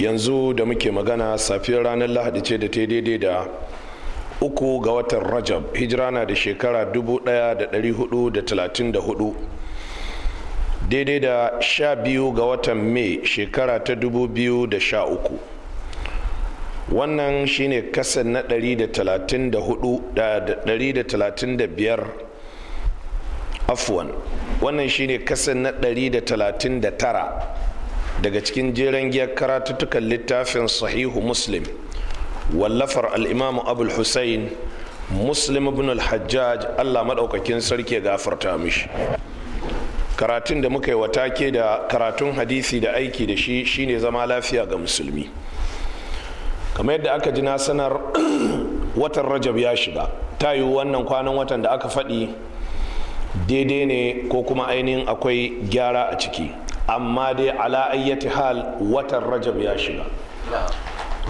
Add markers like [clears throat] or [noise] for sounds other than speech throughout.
yanzu da muke magana safiyar ranar lahadi ce da ta daidai da uku ga watan rajab hijira na da shekara 1434 daidai da sha biyu ga watan mai shekara ta dubu biyu da sha uku wannan shine kasan na dari dari da da da da da talatin talatin hudu biyar afwan wannan shine kasan na dari da da talatin tara. daga cikin jeren giyar karatuttukan littafin sahihu muslim wallafar al'imamu abul hussein muslim ibn al-hajjaj allah maɗaukakin sarki gafarta mishi karatun da muka yi watake da karatun hadisi da aiki da shi shine zama lafiya ga musulmi kamar yadda aka ji na sanar [clears throat] watan rajab ya shiga ta yi wannan kwanan watan da aka faɗi daidai ne ko kuma ainihin akwai gyara a ciki amma dai ala ayyati hal watan rajab ya shiga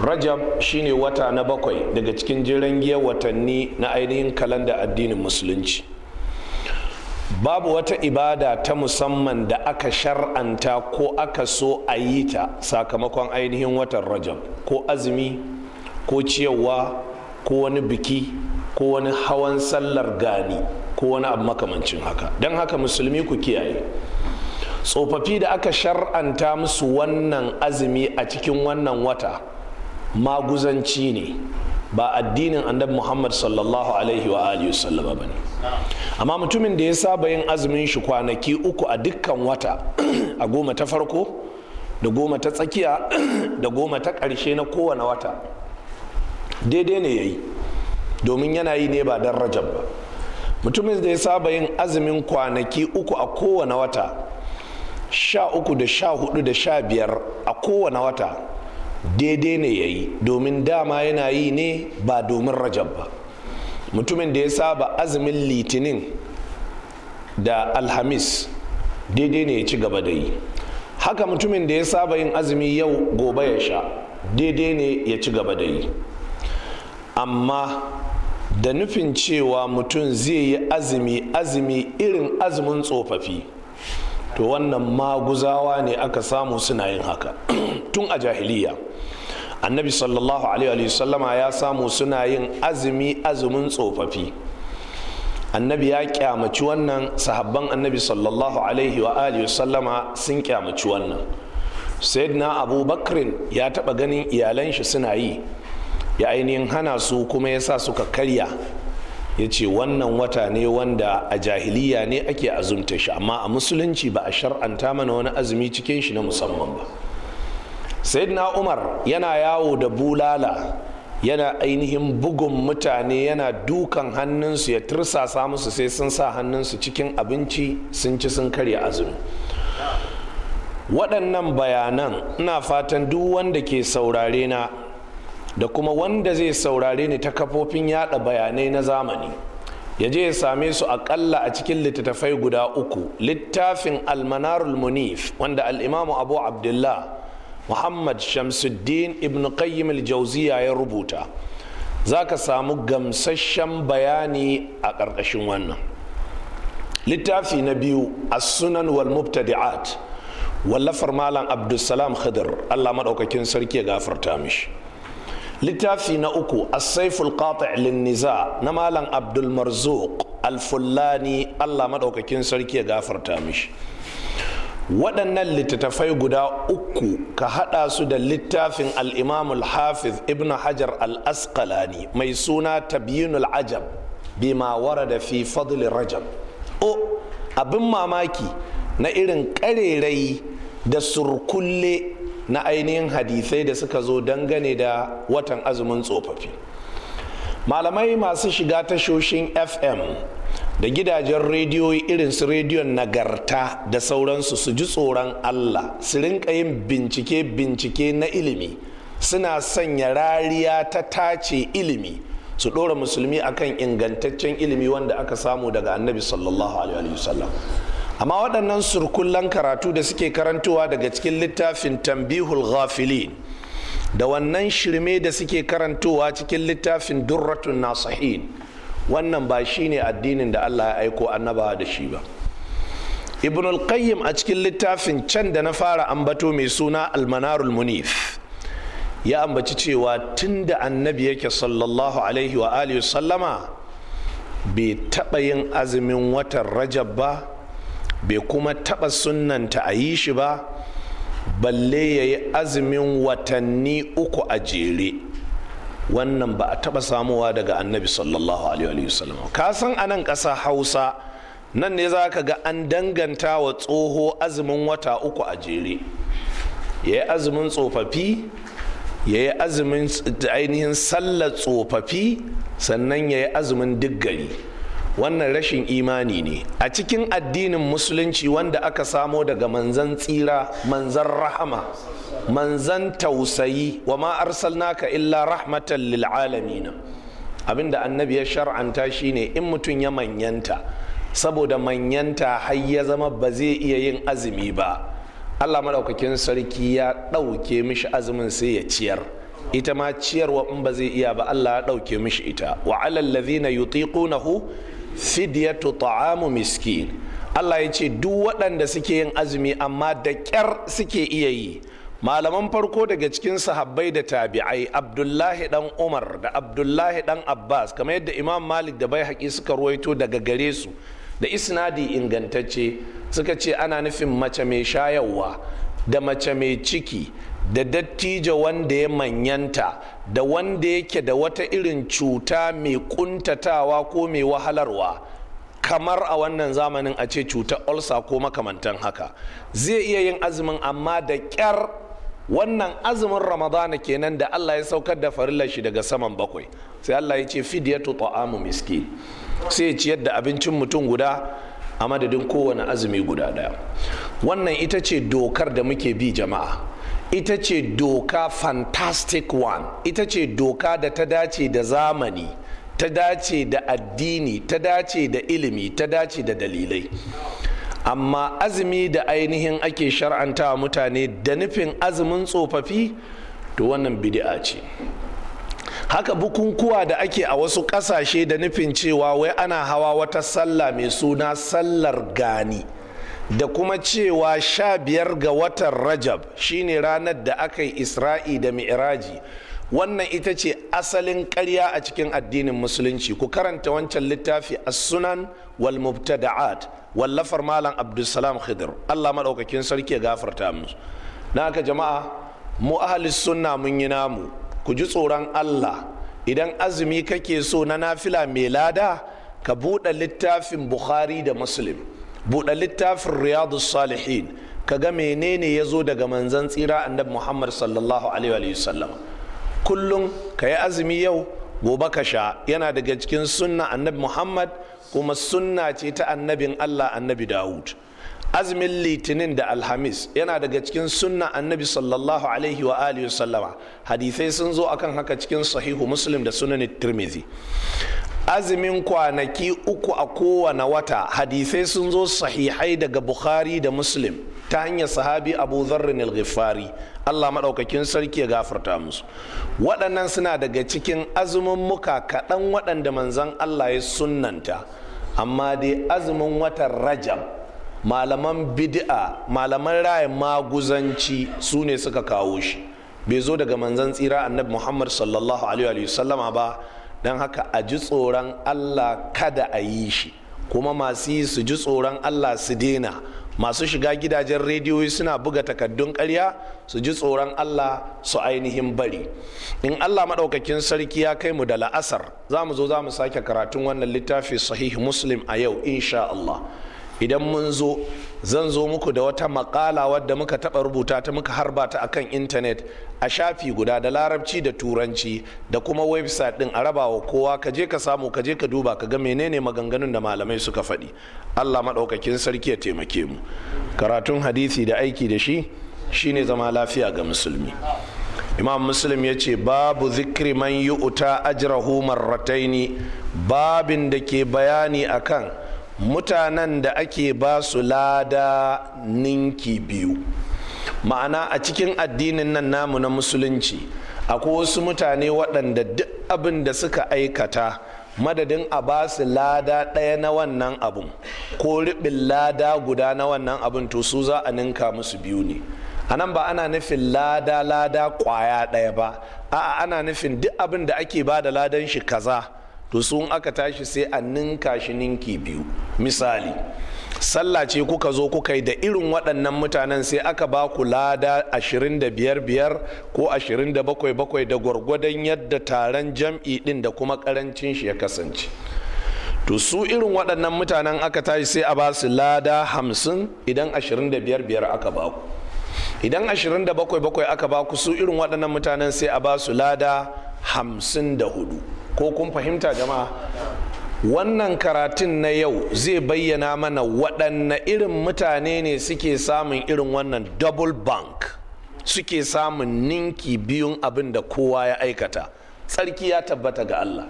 rajab shine wata na bakwai daga cikin jirangiyar watanni na ainihin kalanda addinin musulunci babu wata ibada ta musamman da aka shar'anta ko aka so a yi ta sakamakon ainihin watan rajab ko azumi ko ciyawa ko wani biki ko wani hawan sallar gani ko wani abu makamancin haka don haka musulmi ku kiyaye tsofaffi da aka shar'anta musu wannan azumi a cikin wannan wata maguzanci ne ba addinin annabi muhammad sallallahu alaihi wa alihi sallama ba ne amma mutumin da ya saba yin azumin shi kwanaki uku a dukkan wata a goma ta farko da goma ta tsakiya da goma ta ƙarshe na kowane wata daidai ne ya yi domin yana yi ne ba don rajab ba mutumin da ya saba yin azumin kwanaki uku a kowane wata sha uku da sha hudu da sha biyar a kowane wata daidai ne ya yi domin dama yana yi ne ba domin rajab ba mutumin da ya saba azumin litinin da alhamis daidai ne ya ci gaba da yi haka mutumin da ya saba yin azumi yau gobe ya sha daidai ne ya ci gaba da yi amma da nufin cewa mutum zai yi azumi azumi irin azumin tsofaffi to wannan maguzawa ne aka samu suna yin haka [clears throat] tun a jahiliya annabi sallallahu alaihi sallama ya samu suna yin azumi azumin tsofaffi annabi ya kyamaci wannan sahabban annabi sallallahu alaihi wa alihi sallama sun kyamaci wannan sayyidina abu bakrin ya taba ganin iyalan shi suna yi ya ainihin hana su kuma ya sa suka karya ya ce wannan wata ne wanda a jahiliya ne ake azumta shi amma a musulunci ba a shar'anta mana wani azumi cikin shi na musamman ba sayyidina umar yana yawo da bulala yana ainihin bugun mutane yana dukan hannunsu ya tursasa musu sai sun sa hannunsu cikin abinci sun ci sun karya azumi waɗannan bayanan ina fatan duk wanda ke saurare na da kuma wanda zai saurare ni ta kafofin yada bayanai na zamani ya je ya same su akalla a cikin littattafai guda uku littafin almanarul munif wanda al'imamu abu abdullah muhammad shamsuddin ibn qayyim al-jauziya ya rubuta za ka samu gamsasshen bayani a ƙarƙashin wannan littafi na biyu as-sunan wal mubtadi'at wallafar malam abdulsalam khidr allah maɗaukakin sarki ya gafarta mishi littafi na uku Asaiful saiful qati' lin-niza na malam abdul marzuq al-fullani Allah madaukakin sarki ya gafarta mishi waɗannan littattafai guda uku ka haɗa su da littafin al-imamul hafiz ibn hajar al-asqalani mai suna tabyinul ajab bima da fi fadli rajab o abin mamaki na irin ƙarerai da surkulle na ainihin hadisai da suka zo dangane da watan azumin tsofaffi malamai masu shiga tashoshin fm da gidajen rediyo irinsu rediyon nagarta da sauransu su ji tsoron allah su rinka yin bincike bincike na ilimi suna sanya rariya ta tace ilimi su ɗora musulmi akan ingantaccen ilimi wanda aka samu daga annabi sallallahu alaihi wasallam amma waɗannan surkullan karatu da suke karantowa daga cikin littafin tambihul ghafilin da wannan shirme da suke karantowa cikin littafin durratun nasihin wannan ba shi ne addinin da Allah ya aiko annabawa da shi ba ibn qayyim a cikin littafin can da na fara ambato mai suna almanarul munif ya ambaci cewa tun da annabi yake sallallahu alaihi wa alihi sallama bai taɓa yin azumin watan rajab ba bai kuma taɓa sunnanta a yi shi ba balle ya yi azumin watanni uku a jere wannan ba a taɓa samuwa daga annabi sallallahu alaihi wasallam ka san a nan ƙasa hausa nan ne za ka ga an danganta wa tsoho azumin wata uku a jere ya yi azumin tsofaffi ya yi azumin ainihin sallar tsofaffi sannan ya yi azumin duk gari wannan rashin imani ne a cikin addinin musulunci wanda aka samo daga manzan tsira manzan rahama manzan tausayi wa ma arsalnaka illa rahmatan lil alamin abinda annabi ya shar'anta shine in mutum ya manyanta saboda manyanta har ya zama ba zai iya yin azumi ba Allah madaukakin sarki ya ɗauke mishi azumin sai ya ciyar ita ma ciyarwa in ba zai iya ba Allah ya ɗauke mishi ita wa alal ladhina yutiqunahu fidiyatu ta'amu miskin Allah ya ce duk waɗanda suke yin azumi amma da ƙyar suke iya yi malaman farko daga cikin sahabbai da tabi'ai abdullahi dan umar da abdullahi dan abbas kamar yadda imam malik da bai haƙi suka ruwaito daga gare su da isnadi ingantacce suka ce ana nufin mace mai shayarwa da mace mai ciki da dattijo wanda ya manyanta da wanda yake da wata irin cuta mai kuntatawa ko mai wahalarwa kamar a wannan zamanin a ce cuta olsa ko makamantan haka zai iya yin azumin amma da kyar wannan azumin ramadana kenan da allah ya saukar da farilla shi daga saman bakwai sai allah ya ce fidyatu ta'amu miski sai ya ciyar da abincin mutum guda a madadin kowane azumi guda daya wannan ita ce dokar da muke bi jama'a ita ce doka fantastic one ita ce doka da ta dace da zamani ta dace da addini ta dace da ilimi ta dace da dalilai amma azumi da ainihin ake shar'anta mutane da nufin azumin tsofaffi to wannan bid'a ce haka bukunkuwa da ake a wasu kasashe da nufin cewa wai ana hawa wata sallah mai suna sallar gani da kuma cewa sha biyar ga watan rajab shine ranar da aka yi isra'i da mi'raji wannan ita ce asalin karya a cikin addinin musulunci ku karanta wancan littafi a sunan wal mubtada'at wallafar malam abdulsalam khidr allah maɗaukakin sarki ya gafarta mu na aka jama'a mu ahalis sunna mun yi namu ku ji tsoron allah idan azumi kake so na nafila mai lada ka buɗe littafin bukhari da muslim buɗe littafin riyadu salihin ka ga menene ya zo daga manzan tsira annabi muhammad sallallahu alaihi sallam kullum ka yi azumi yau gobe ka sha yana daga cikin sunna annabi muhammad kuma sunna ce ta annabin allah annabi dawud azumin litinin da alhamis yana daga cikin sunna annabi sallallahu alaihi wa alihi sallama hadithai sun zo akan haka cikin sahihu muslim da sunan tirmidhi azumin kwanaki uku a kowane wata hadisai sun zo sahihai daga bukhari da muslim ta hanyar sahabi abu zarrin al allah maɗaukakin sarki ya gafarta musu waɗannan suna daga cikin azumin muka kaɗan waɗanda manzan allah ya sunnanta amma dai azumin watan rajab malaman bid'a malaman raya maguzanci su ne suka kawo shi bai zo daga manzan tsira annabi muhammad sallallahu alaihi sallama ba don haka a ji tsoron allah kada a yi shi kuma masu yi su ji tsoron allah su daina masu shiga gidajen rediyoyi suna buga takaddun karya su ji tsoron allah su ainihin bari in allah maɗaukakin sarki ya kai mu da la'asar za mu zo za mu sake karatun wannan littafi sahih muslim a yau insha allah idan mun zo zan zo muku da wata makala wadda muka taba rubuta ta muka harba ta akan intanet a shafi guda da larabci da turanci da kuma website din a rabawa kowa ka je ka samu ka je ka duba ka ga menene maganganun da malamai suka faɗi allah maɗaukakin sarki ya taimake mu karatun hadisi da aiki da shi shine zama lafiya ga musulmi imam muslim ya ce babu zikri man yi uta ajrahu marrataini babin da ke bayani akan mutanen da ake ba su lada ninki biyu ma'ana a cikin addinin nan namu na musulunci akwai wasu mutane waɗanda duk abin da suka aikata madadin a ba su lada ɗaya na wannan abun ko riɓin lada guda na wannan abun to su za a ninka musu biyu ne a nan ba ana nufin lada lada ƙwaya ɗaya ba a'a ana nufin duk abin da ake ba da ladan shi kaza to sun aka tashi sai a ninka shi ninki biyu misali sallah ce kuka zo kuka yi da irin waɗannan mutanen sai aka ba ku lada 25-5 ko 27-7 da gwargwadon yadda taron jam'i ɗin da kuma ƙarancin shi ya kasance to su irin waɗannan mutanen aka tashi sai a ba su lada 50 idan 25-5 aka ba ku idan 27-7 aka ba ku su irin waɗannan mutanen sai a ba su lada 54 ko kun fahimta jama'a wannan karatun na yau zai bayyana mana waɗanne irin mutane ne suke samun irin wannan double bank suke samun ninki biyun abin da kowa ya aikata tsarki ya tabbata ga Allah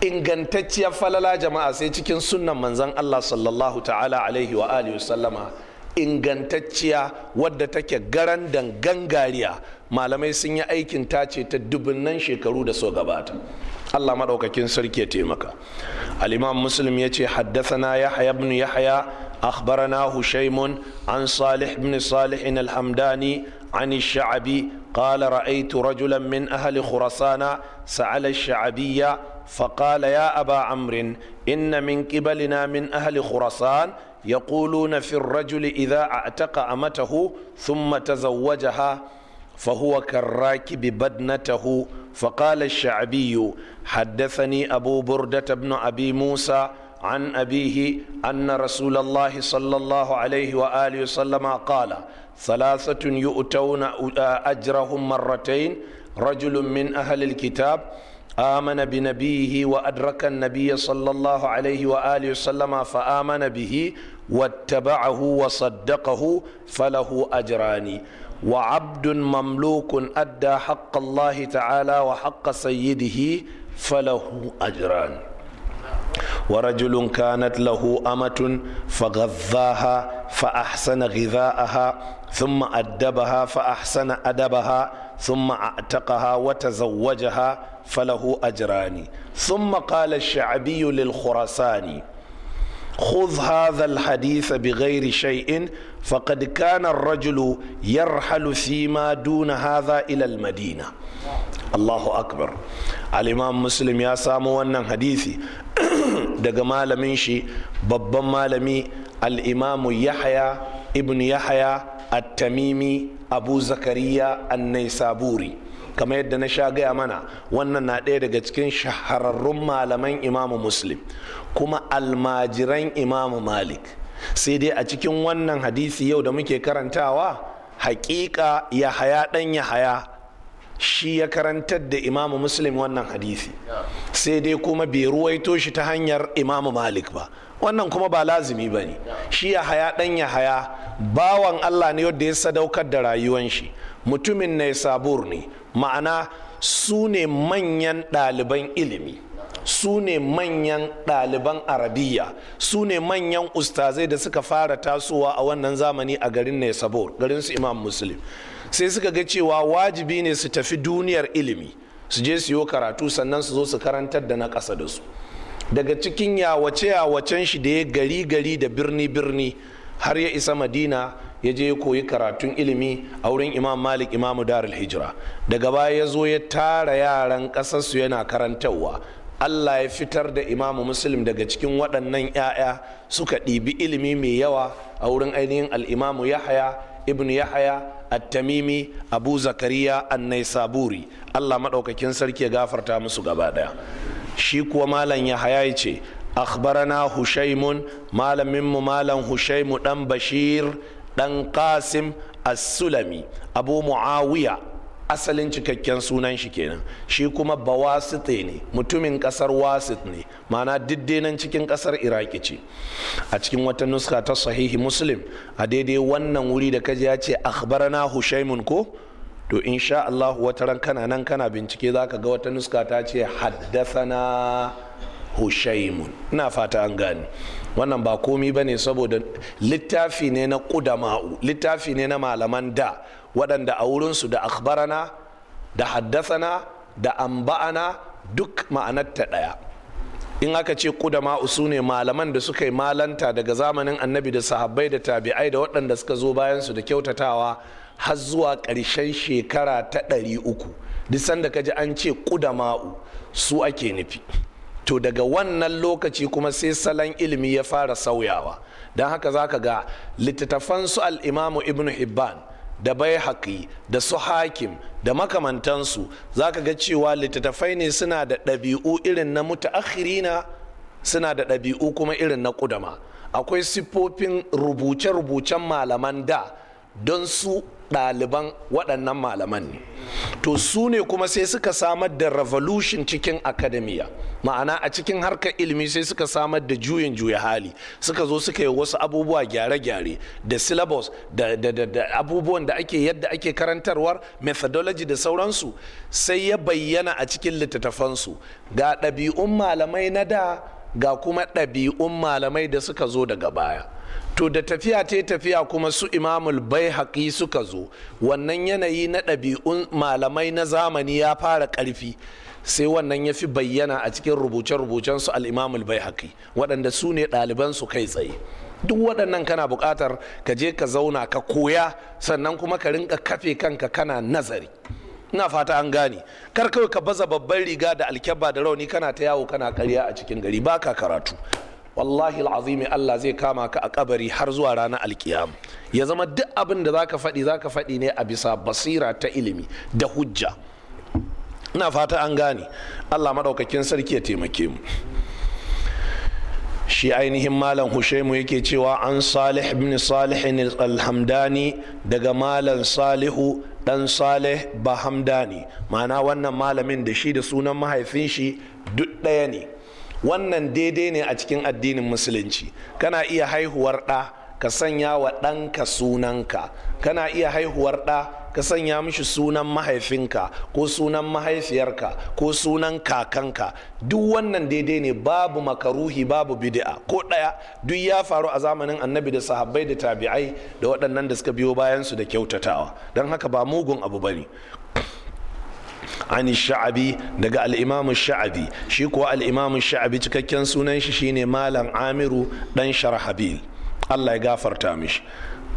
ingantacciyar falala jama'a sai cikin sunan manzan Allah sallallahu ta'ala alaihi wa alihi sallama ingantacciya wadda take garan gangariya malamai sun yi aikin tace ta nan shekaru da so gabata Allah maɗaukakin sarki ya taimaka al-imam muslim yace haddathana yahya ibn yahya akhbarana hushaymun an salih ibn salih al-hamdani عن الشعبي قال رأيت رجلا من أهل خراسان سأل الشعبي فقال يا أبا عمرو إن من قبلنا من أهل rajuli يقولون في الرجل إذا أعتق أمته ثم تزوجها فهو كالراكب بدنته فقال الشعبي حدثني أبو بردة بن أبي موسى عن أبيه أن رسول الله صلى الله عليه وآله وسلم قال ثلاثة يؤتون أجرهم مرتين رجل من أهل الكتاب آمن بنبيه وأدرك النبي صلى الله عليه وآله وسلم فآمن به واتبعه وصدقه فله أجران وعبد مملوك أدى حق الله تعالى وحق سيده فله أجران ورجل كانت له أمة فغذاها فأحسن غذاءها ثم أدبها فأحسن أدبها ثم أعتقها وتزوجها فله أجران ثم قال الشعبي للخرساني خذ هذا الحديث بغير شيء faqad kana ar-rajulu yar fi ma duna ilal madina Allahu akbar al-imam muslim ya samo wannan hadisi daga malamin shi babban malami al-imamu yahya ibn yahya at-tamimi abu zakariya an-naisaburi kamar yadda na sha gaya mana wannan na ɗaya daga cikin shahararrun malaman imamu muslim kuma almajiran imamu malik sai dai a cikin wannan hadisi yau da muke karantawa hakika ya haya dan ya haya shi ya karantar da imamu muslim wannan hadisi sai dai kuma bai ruwaito shi ta hanyar imamu malik ba wannan kuma ba lazimi ba ne shi ya haya dan ya haya bawan allah ne yadda ya sadaukar da rayuwan shi mutumin ne sabur ne ma'ana su ne manyan ɗaliban ilimi su ne manyan ɗaliban arabiya su ne manyan ustazai da suka fara tasowa a wannan zamani a garin ne sabo garin su imam muslim sai suka ga cewa wajibi ne su tafi duniyar ilimi su je su yi karatu sannan su zo su karantar da na ƙasa da su daga cikin yawace yawacen shi da ya gari gari da birni birni har ya isa madina ya je ya koyi karatun ilimi a wurin imam malik imamu darul hijira daga baya ya zo ya tara yaran ƙasarsu yana karantarwa Allah ya fitar da imamu muslim daga cikin waɗannan 'ya'ya suka ɗibi ilimi mai yawa a wurin ainihin al'imamu yahaya ibn yahaya at-tamimi abu zakariya annai saburi Allah maɗaukakin sarki ya gafarta musu gaba ɗaya shi kuwa malam yahaya ya ce akhbarana hushaimun malaminmu malam hushaimu ɗan bashir ɗan kasim asulami abu muawiya asalin cikakken sunan shi kenan shi kuma bawasite ne mutumin kasar wasit ne mana diddenan cikin kasar iraki ce a cikin wata nuska ta sahihi muslim a daidai wannan wuri da kaji ya ce akhbarana hushaimun ko to insha Allah wata ran kana nan kana bincike zaka ga wata nuska ta ce haddathana hushaimun ina fata an gane wannan ba komi ba ne saboda littafi ne na kudama'u littafi ne na malaman da waɗanda a wurinsu da akhbarana da haddasana da amba'ana duk ma'anarta ɗaya in aka ce kudama su ne malaman da suka yi malanta daga zamanin annabi da sahabbai da tabi'ai da waɗanda suka zo bayansu da kyautatawa har zuwa ƙarshen shekara ta ɗari uku duk sanda ka ji an ce kudama'u su ake nufi to daga wannan lokaci kuma sai salon ilimi ya fara sauyawa don haka za ka ga littattafan su al'imamu ibn hibban da bai haƙi da su hakim da makamantansu za ka ga cewa littattafai ne suna da ɗabi'u irin na mutaakhirina suna da ɗabi'u kuma irin na ƙudama akwai siffofin rubuce-rubucen malaman da don su ɗaliban waɗannan malaman ne to su ne kuma sai suka samar da revolution cikin akademiya ma'ana a cikin harkar ilimi sai suka samar da juyin juya hali suka zo suka yi wasu abubuwa gyare-gyare da syllabus da, abubuwan da ake yadda ake karantarwar methodology da sauransu sai ya bayyana a cikin littattafansu ga ɗabi'un malamai na da ga kuma ɗabi'un malamai da suka zo daga baya to da tafiya ta tafiya kuma su imamul bai haƙi suka zo wannan yanayi na ɗabi'un malamai na zamani ya fara ƙarfi sai wannan ya fi bayyana a cikin rubuce-rubucen su al'imamul bai haƙi waɗanda su ne ɗalibansu kai tsaye duk waɗannan kana buƙatar ka je ka zauna ka koya sannan kuma ka rinka kafe kanka kana nazari ina fata an gane kar kawai ka baza babban riga da alkyabba da rauni kana ta yawo kana karya a cikin gari baka karatu wallahi al'azimi Allah zai kama ka a kabari har zuwa ranar alkiyama ya zama duk abin da zaka faɗi zaka faɗi ne a bisa basira ta ilimi da hujja ina fata an gane Allah maɗaukakin sarki ya taimake mu shi ainihin malam hushaimu yake cewa an salih ibn salih alhamdani daga malam salihu dan salih ba hamdani ma'ana wannan malamin da shi da sunan mahaifin shi duk ɗaya ne wannan daidai ne a cikin addinin musulunci kana iya haihuwar ɗa ka sanya wa ɗanka sunanka kana iya haihuwar ɗa ka sanya mishi sunan mahaifinka ko sunan mahaifiyarka ko sunan kakanka duk wannan daidai ne babu makaruhi babu bidi'a ko ɗaya duk ya faru a zamanin annabi da sahabbai da tabi'ai da waɗannan da suka biyo bayansu da kyautatawa don haka ba mugun abu bane Ani sha'abi daga al'imamin sha'abi shi kuwa al'imamin sha'abi cikakken sunan shi shine malam amiru dan sharhabil allah ya gafarta mishi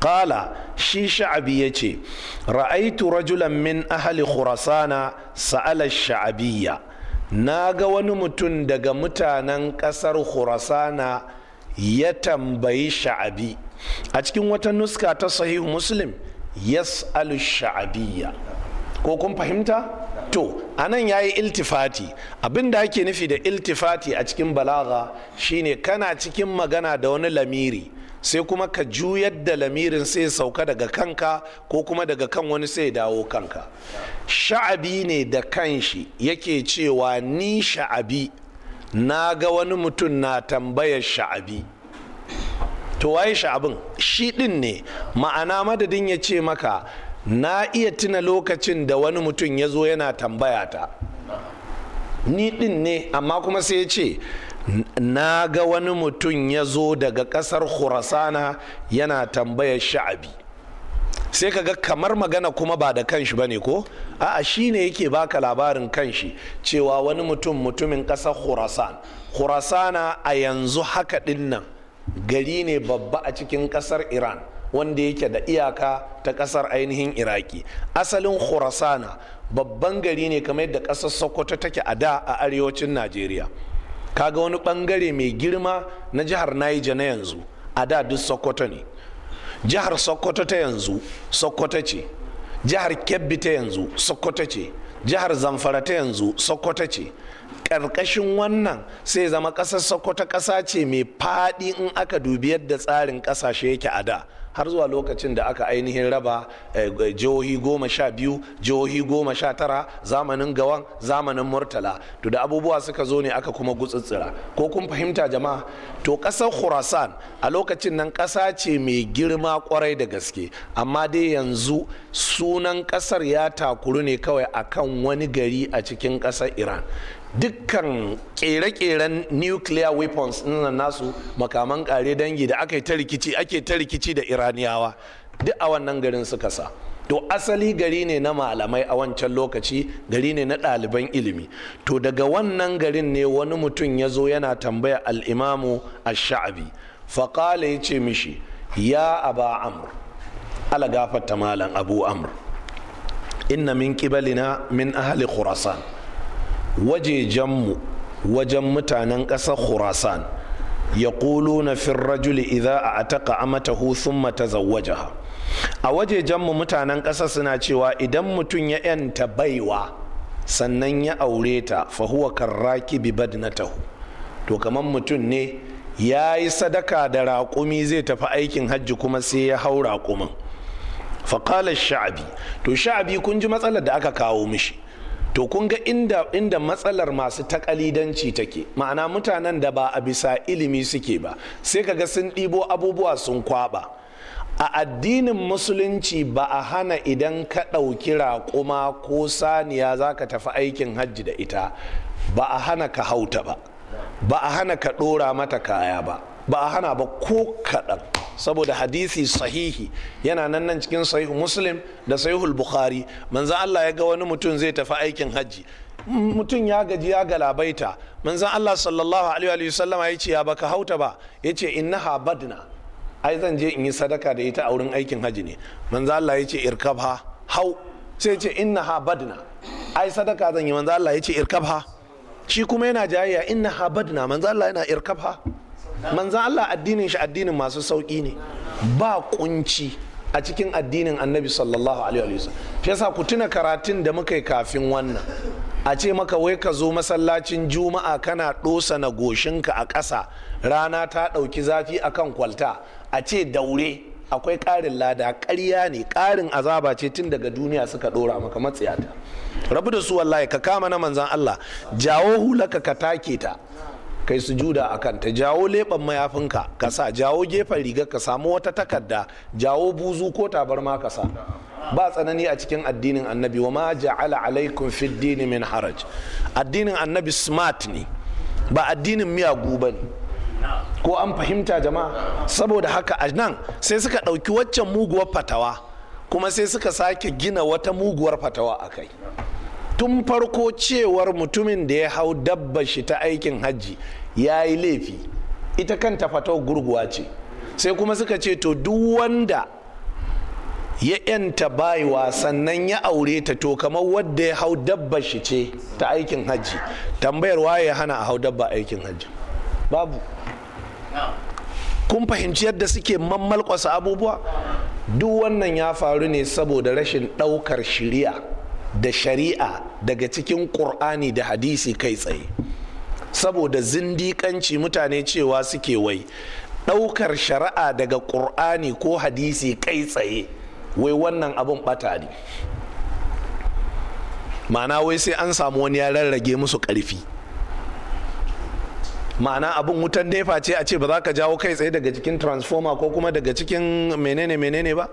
Kala shi sha'abi ya ce ra'aitu rajulan min ahali khurasana sa'ala sha'abiyya na ga wani mutum daga mutanen ƙasar khurasana ya tambayi sha'abi a cikin wata nuska ta sahihu muslim yas'alu sha'abiyya ko kun fahimta to anan ya yi iltifati abin da ake nufi da iltifati a cikin balaga shine kana cikin magana da wani lamiri sai kuma ka juyar da lamirin sai sauka daga kanka ko kuma daga kan wani sai dawo kanka sha'abi ne da kanshi yake cewa ni sha'abi na ga wani mutum na tambayar sha'abi to waye sha'abin shi din ne ma'ana madadin ya ce maka na iya tuna lokacin da wani mutum ya zo yana tambaya ta ni din ne amma kuma sai ya ce na ga wani mutum ya zo daga kasar khurasana yana tambayar sha'abi sai ka ga kamar magana kuma ba da kanshi bane ko a'a shi ne yake baka labarin kanshi cewa wani mutum mutumin kasar khurasan khurasana a yanzu haka dinnan gari ne babba a cikin kasar iran wanda yake da iyaka ta kasar ainihin iraki asalin khurasana babban gari ne kamar yadda kasar sokoto take a da a arewacin najeriya kaga wani bangare mai girma na jihar naija na yanzu a da duk sokoto ne jihar sokoto ta yanzu sokoto ce jihar kebbi ta yanzu sokoto ce jihar zamfara ta yanzu sokoto ce ƙarƙashin wannan sai zama ƙasar sokoto ƙasa ce mai faɗi in aka dubi yadda tsarin ƙasashe yake a da har zuwa lokacin da aka ainihin raba eh, eh, jihohi goma sha biyu jihohi goma sha tara zamanin gawan zamanin murtala to da abubuwa suka zo ne aka kuma gutsutsura ko kun fahimta jama'a to ƙasar khurasan a lokacin nan ƙasa ce mai girma kwarai da gaske amma dai yanzu sunan ƙasar ya takuru ne kawai akan wani gari a cikin ƙasar iran dukkan kere-keren nuclear weapons na nasu makaman kare dangi da aka ta rikici ake ta rikici da iraniyawa duk a wannan garin suka sa to asali gari ne na malamai a wancan lokaci gari ne na ɗaliban ilimi to daga wannan garin ne wani mutum ya zo yana tambaya al'imamu a shaabi faƙala ya ce mishi ya aba amur ala gafarta malam abu amr inna min kibalina min ahali khurasan wajejenmu wajen mutanen ƙasar khurasan ya na fin rajuli idza a ataka amatahu thumma tazawwajaha a wajejenmu mutanen ƙasa suna cewa idan mutum ya yanta baiwa sannan ya aure ta fahuwa karraki bi badnatahu to kamar mutum ne ya yi sadaka da raƙumi zai tafi aikin hajji kuma sai ya hau raƙumin faƙalar sha'abi to sha'abi kun ji matsalar da aka kawo mishi to kun ga inda inda matsalar masu takalidanci take ma'ana mutanen da ba a bisa ilimi suke ba sai ka ga sun ɗibo abubuwa sun kwaba a addinin musulunci ba a hana idan ka ɗauki raƙuma ko saniya za ka tafi aikin hajji da ita ba a hana ka hauta ba ba a hana ka ɗora mata kaya ba ba a hana ba ko kaɗan saboda hadisi sahihi yana nan nan cikin sahihu muslim da sahihul bukhari manzan allah ya ga wani mutum zai tafi aikin hajji mutum ya gaji ya galabaita manzan allah sallallahu alaihi sallam ya ce ya baka hauta ba ya ce innaha badna ai zan je in yi sadaka da ita a wurin aikin hajji ne manzan allah ya ce irkabha hau sai ce innaha badna ai sadaka zan yi manzan allah ya ce irkabha shi kuma yana jayayya na badna manzan allah yana irkabha manzan Allah addinin shi addinin masu sauƙi ne ba kunci a cikin addinin annabi sallallahu alaihi wa shi yasa ku tuna karatun da muka yi kafin wannan a ce maka wai ka zo masallacin juma'a kana dosa na goshin ka a ƙasa rana ta ɗauki zafi akan kwalta a ce daure akwai ƙarin lada ƙarya ne ƙarin azaba ce tun daga duniya suka ɗora maka matsiyata rabu da su wallahi ka kama na manzan Allah jawo hulaka ka take ta kai sujuda a kanta jawo leɓen mayafinka ka sa jawo gefen riga ka samu wata takarda jawo buzu ko tabarma ka sa ba tsanani a cikin addinin annabi wa ma ja'ala alaikum fi dini min haraj addinin annabi smart ne ba addinin miya ba ne ko an fahimta jama'a saboda haka a nan sai suka ɗauki waccan muguwar fatawa kuma sai suka sake gina wata muguwar fatawa a kai tun farko cewar mutumin da ya hau dabba shi ta aikin hajji ya yi laifi ita kanta fatau gurguwa ce sai kuma suka ce to duk wanda ya yanta baiwa sannan ya aure ta to kamar wadda ya hau dabba shi ce ta aikin hajji tambayar waye hana a hau dabba aikin hajji babu kun fahimci yadda suke mammalkwasa abubuwa duk wannan ya faru ne saboda rashin ɗaukar shiriya da shari'a daga cikin ƙur'ani da hadisi kai tsaye saboda zindikanci mutane cewa suke wai ɗaukar shari'a daga ƙur'ani ko hadisi kai tsaye wai wannan abin ɓata ne ma'ana wai sai an samu wani ya rarrage musu ƙarfi ma'ana abin wutan da ya face a ce ba za ka jawo kai tsaye daga cikin transformer ko kuma daga cikin menene menene ba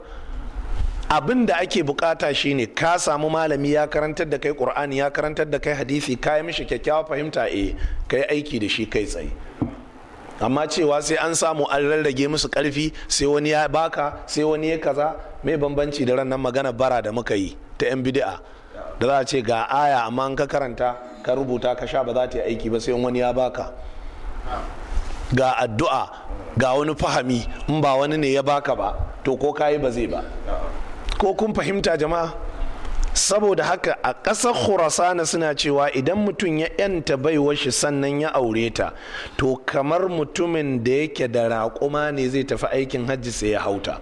abin da ake bukata shine ka samu malami ya karantar da kai qur'ani ya karantar da kai hadisi ka yi mishi kyakkyawa fahimta eh yi aiki da shi kai tsaye amma cewa sai an samu an rarrage musu karfi sai wani ya baka sai wani ya kaza mai bambanci da ranar magana bara da muka yi ta yan bid'a da za a ce ga aya amma an ka karanta ka rubuta ka sha ba za ta yi aiki ba sai wani ya baka ga addu'a ga wani fahami in ba wani ne ya baka ba to ko kayi ba zai ba ko kun fahimta jama'a saboda haka a ƙasar khurasana suna cewa idan mutum ya yanta baiwar shi sannan ya aure ta to kamar mutumin da yake da raƙuma ne zai tafi aikin hajji sai ya hauta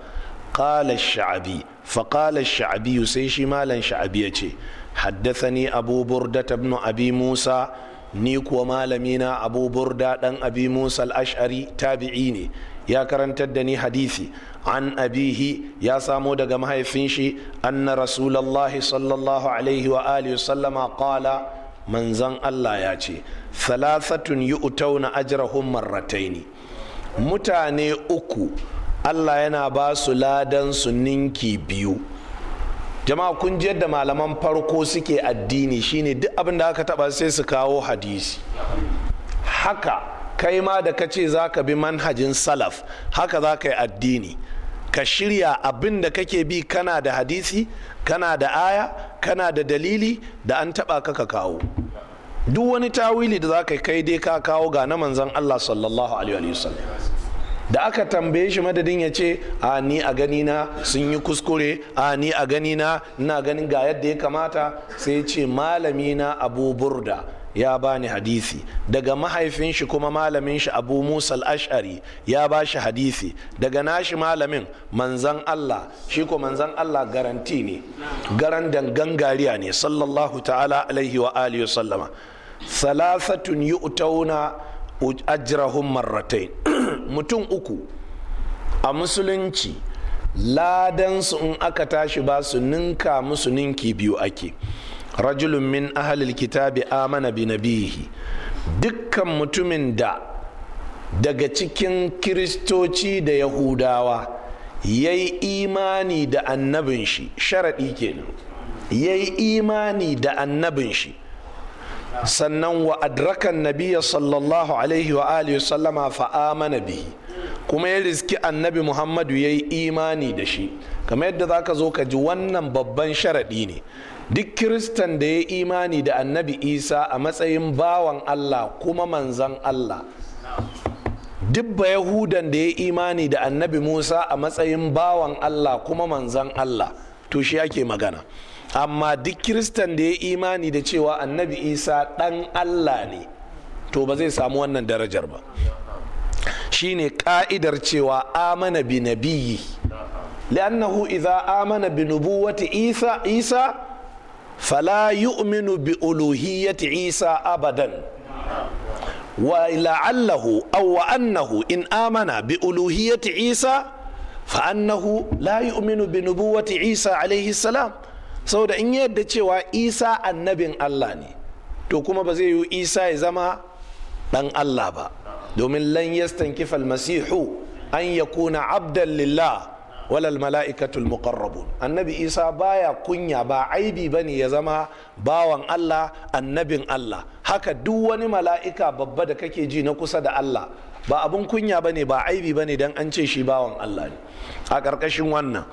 qala sha'abi fa qala sha'abi sai shi malam sha'abi ya ce haddathani abu burda ibn abi musa ni kuwa malami na abu burda dan abi musa al-ash'ari tabi'i ne ya karantar da ni hadisi an abihi ya samo daga mahaifin shi anna rasulallahi sallallahu alaihi wa alihi sallama qala manzan Allah ya ce thalathatun yu'tauna ajrahum marrataini mutane uku Allah yana ba su ladan su ninki biyu jama'a kun ji yadda malaman farko suke addini shine duk abin da aka taba sai su kawo hadisi haka kai ma da kace zaka bi manhajin salaf haka zaka yi addini ka shirya abin da kake bi kana da hadisi kana da aya kana da dalili da an taba ka ka kawo duk wani tawili da za ka kai dai ka kawo ga na manzan Allah sallallahu alaihi wasallam da aka tambaye shi madadin ya ce a ni a gani na sun yi kuskure a ni a gani na ina ganin ga yadda ya kamata sai ce malami na abu burda ya bani hadisi daga mahaifin shi kuma malamin shi abu musa al-ash'ari ya ba shi hadisi daga nashi malamin manzan allah shi ko manzan allah garanti ne garan dangan gariya ne sallallahu ta'ala alaihi wa alihi sallama salasatun yu'tauna ajrahum marratain [clears throat] mutum uku a musulunci ladansu in aka tashi ba su ninka musu ninki biyu ake rajulun min ahalil kitabi amana bi nabihi dukkan mutumin da daga cikin kiristoci da yahudawa ya yi imani da annabin shi sharaɗi kenan ya yi imani da annabin shi sannan wa adrakan nabiya sallallahu alaihi wa alihi sallama fa'amana bihi kuma ya riski annabi muhammadu ya yi imani da shi kamar yadda za ka zo ka ji wannan babban sharaɗi ne duk kiristan da ya imani da annabi isa a matsayin bawan allah kuma manzan allah dubba yahudan da ya imani da annabi musa a matsayin bawan allah kuma manzan allah to shi ake magana amma duk kiristan da ya imani da cewa annabi isa dan allah ne to ba zai samu wannan darajar ba Shi ne ka'idar cewa amana bi nabiyyi li'annahu idza amana bi nubuwati isa isa fala yu'minu bi uluhiyyati isa abadan wa la'allahu wa annahu in amana bi uluhiyyati isa fa annahu la yu'minu bi nubuwwati isa alaihi salam saboda in yadda cewa isa annabin Allah ne to kuma ba zai yi isa ya zama dan Allah ba domin lan yastankifa almasihu an yakuna abdan walal mala'ikatul muqarrabun annabi isa baya kunya ba aibi bane ya zama bawan allah annabin allah haka duk wani mala'ika babba da kake ji na kusa da allah ba abun kunya bane ba aibi bane dan an ce shi bawan allah ne a ƙarƙashin wannan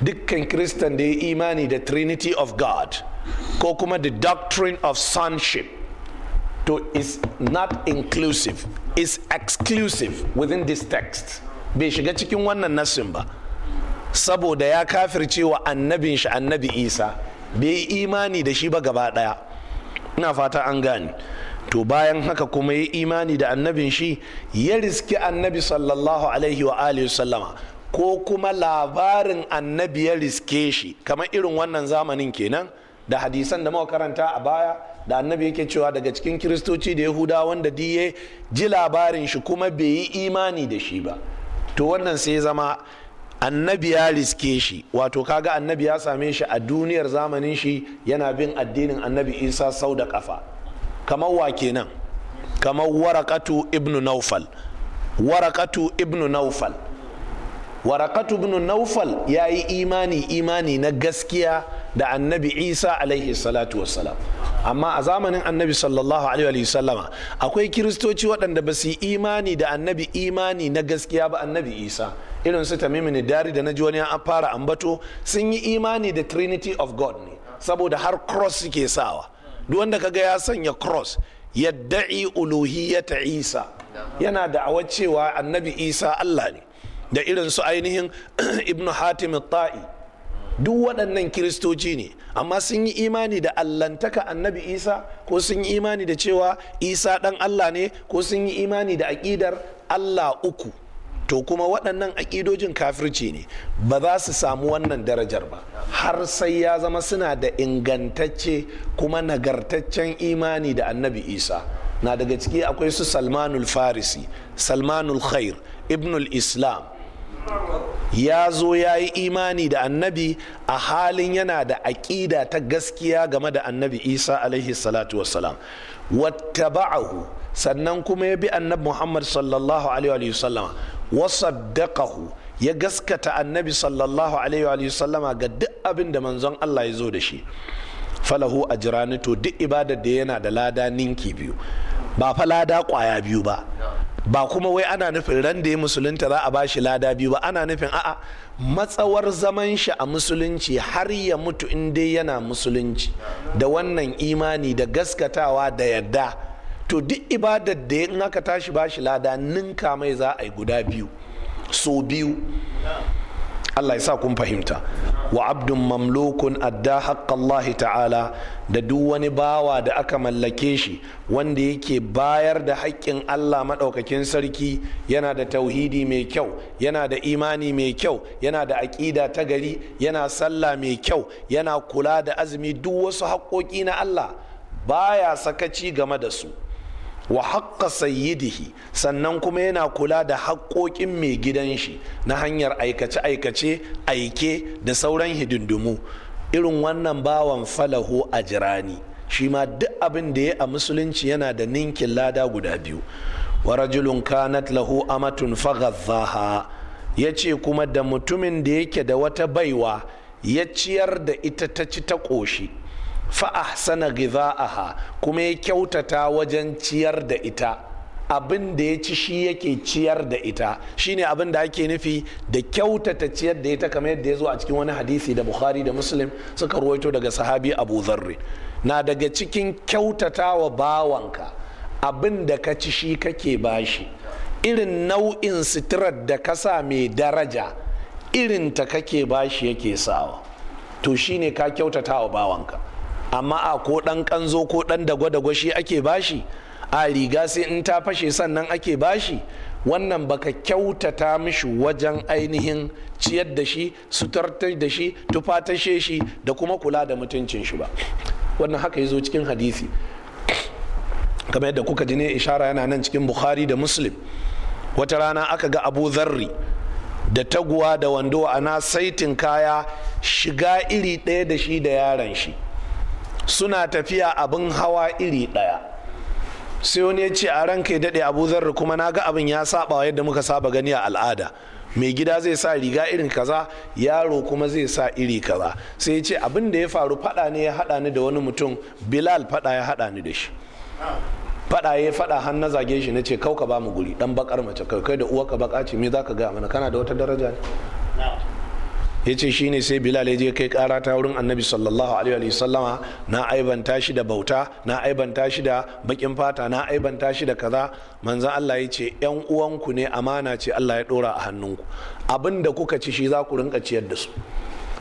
dukkan kristan da ya imani da trinity of god ko kuma the doctrine of sonship to is not inclusive is exclusive within this text bai shiga cikin wannan nassin ba saboda ya kafirce wa annabin shi annabi isa bai imani da shi ba gaba daya ina fata an gane to bayan haka kuma ya imani da annabin shi ya riski annabi sallallahu alaihi wa alihi sallama ko kuma labarin annabi ya riske shi kamar irin wannan zamanin kenan da hadisan da muka karanta a baya da annabi yake cewa daga cikin kiristoci da yahuda wanda diye ji labarin shi kuma bai yi imani da shi ba to wannan sai zama annabi ya riske shi wato kaga annabi ya same shi a duniyar zamanin shi yana bin addinin annabi isa sau da kafa kamar wa kenan kamar warakatu Ibn naufal warakatu ibnu naufal warakatu ibnu naufal ya yi imani imani na gaskiya da annabi isa alaihi salatu wassalam amma a zamanin annabi sallallahu alaihi wa sallama akwai kiristoci waɗanda ba su yi imani da annabi imani na gaskiya ba annabi isa irin su tamimi dari da na ji wani an fara ambato sun yi imani da trinity of god ne saboda har cross suke sawa duk wanda kaga ya sanya cross yadda'i uluhiyata isa yana da cewa annabi isa allah ne da irin su ainihin [clears throat] ibnu hatim ta'i duk waɗannan kiristoci ne amma sun yi imani da allantaka annabi isa ko sun yi imani da cewa isa ɗan allah ne ko sun yi imani da aƙidar allah uku to kuma waɗannan aƙidojin kafirci ne ba za su samu wannan darajar ba har sai ya zama suna da ingantacce kuma nagartaccen imani da annabi isa na daga ciki akwai su salmanul farisi salmanul khair ibnul islam ya zo ya yi imani da annabi a halin yana da aƙida ta gaskiya game da annabi isa alaihi salatu wassalam ba'ahu sannan kuma ya bi annabi muhammad sallallahu alaihi wasallama wasaddaqahu ya gaskata annabi sallallahu alaihi wasallama ga duk abin da manzon allah ya zo da shi falahu a jirani to duk ibadar da yana da lada ninki biyu ba fa lada kwaya biyu ba ba kuma wai ana nufin ran da ya musulunta za a ba shi lada biyu ba ana nufin a'a matsawar zaman shi a musulunci har ya mutu in dai yana musulunci da wannan imani da gaskatawa da yadda to duk ibadar da in aka tashi ba shi lada ninka mai za a yi guda biyu so biyu Allah ya sa kun fahimta wa abdun mamlukun adda haƙƙallahi ta'ala da duk wani bawa da aka mallake shi wanda yake bayar da haƙƙin Allah maɗaukakin sarki yana da tauhidi mai kyau yana da imani mai kyau yana da aƙida ta gari yana sallah mai kyau yana kula da azumi duk wasu haƙƙoƙi na Allah baya sakaci game da su wa haƙƙa sayyidihi sannan kuma yana kula da haƙƙoƙin mai gidan shi na hanyar aikace-aikace aike da sauran hidindumu irin wannan bawan falahu a jirani shi ma duk abin da ya a musulunci yana da ninkin lada guda biyu wa rajulun kanat lahu amatun faghadhaha ce kuma da mutumin da yake da wata baiwa ya ciyar da ita ta ci ta ƙoshi fa'ahsana ahsana ha kuma ya kyautata wajen ciyar da ita abin da ya ci shi yake ciyar da ita shine abin da ake nufi da kyautata ciyar da ita kamar yadda ya zo a cikin wani hadisi da bukhari da muslim suka ruwaito daga sahabi abu zarri na daga cikin kyautata wa bawanka abin da ka ci shi kake bashi irin nau'in sitirar da ka sa mai daraja irin ta kake bashi yake sawa to shine ka kyautata wa bawanka amma a ko ɗan ƙanzo ko ɗan da gwada shi ake bashi a riga sai in ta fashe sannan ake bashi wannan baka kyautata mishi wajen ainihin ciyar da shi sutartar da shi tufatashe shi da kuma kula da mutuncin shi ba wannan haka ya zo cikin hadisi kamar yadda kuka ji ne ishara yana nan cikin bukhari da muslim wata rana aka ga abu zarri da taguwa da wando ana saitin kaya shiga iri ɗaya da shi da yaran shi suna tafiya abin hawa iri ɗaya sai wani ya ce a ranka ya daɗe abu kuma na ga abin ya saba yadda muka saba gani a al'ada mai gida zai sa riga irin kaza yaro kuma zai sa iri kaza sai ya ce abin da ya faru fada ne ya haɗa ni da wani mutum bilal fada ya haɗa ni da shi fada ya fada har na zage shi na ce kau ka ba mu guri dan bakar mace kai da uwa ka baka ce me za ka gaya mana kana da wata daraja ne ya ce shine sai bilal ya je kai kara ta wurin annabi sallallahu alaihi wa sallama na aibanta shi da bauta na aibanta shi da bakin fata na aibanta shi da kaza manzan allah ya ce yan uwanku ne amana ce allah ya dora a hannunku abin da kuka ci shi za ku rinka ciyar da su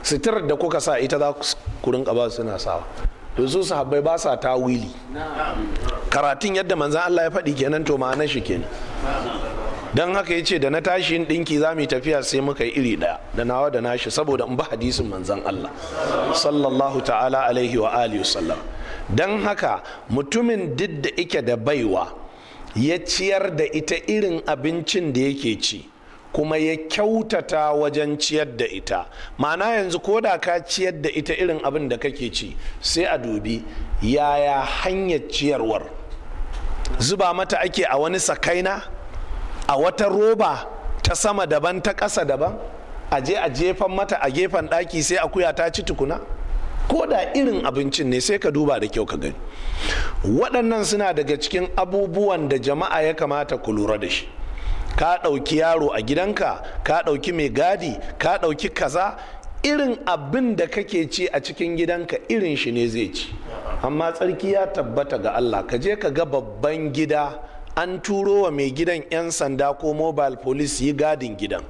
sitirar da kuka sa ita za ku rinka ba suna sawa to su sahabbai ba sa tawili karatun yadda manzan Allah ya faɗi kenan to ma'anar shi kenan don haka ya ce da na tashi yin ɗinki za mu tafiya sai muka yi iri ɗaya da nawa da nashi saboda in ba hadisin manzan Allah sallallahu ta'ala alaihi wa alihi sallam don haka mutumin duk da ike da baiwa ya ciyar da ita irin abincin da yake ci kuma ya kyautata wajen ciyar da ita ma'ana yanzu ko da ka ciyar da ita irin abin da kake ci sai a dubi yaya hanyar ciyarwar zuba mata ake a wani sakaina a wata roba ta sama daban ta ƙasa daban a je a jefan mata a gefen ɗaki sai akuya ta ci tukuna ko da irin abincin ne sai ka duba da kyau ka gani waɗannan suna daga cikin abubuwan da jama'a ya kamata ku lura da shi ka ɗauki yaro a gidanka ka ɗauki mai gadi ka ɗauki kaza irin abin da kake ci a cikin gidanka irin shi ne zai ci amma tsarki ya tabbata ga Allah ka je ka ga babban gida an turo wa mai gidan 'yan sanda ko mobile police yi gadin gidan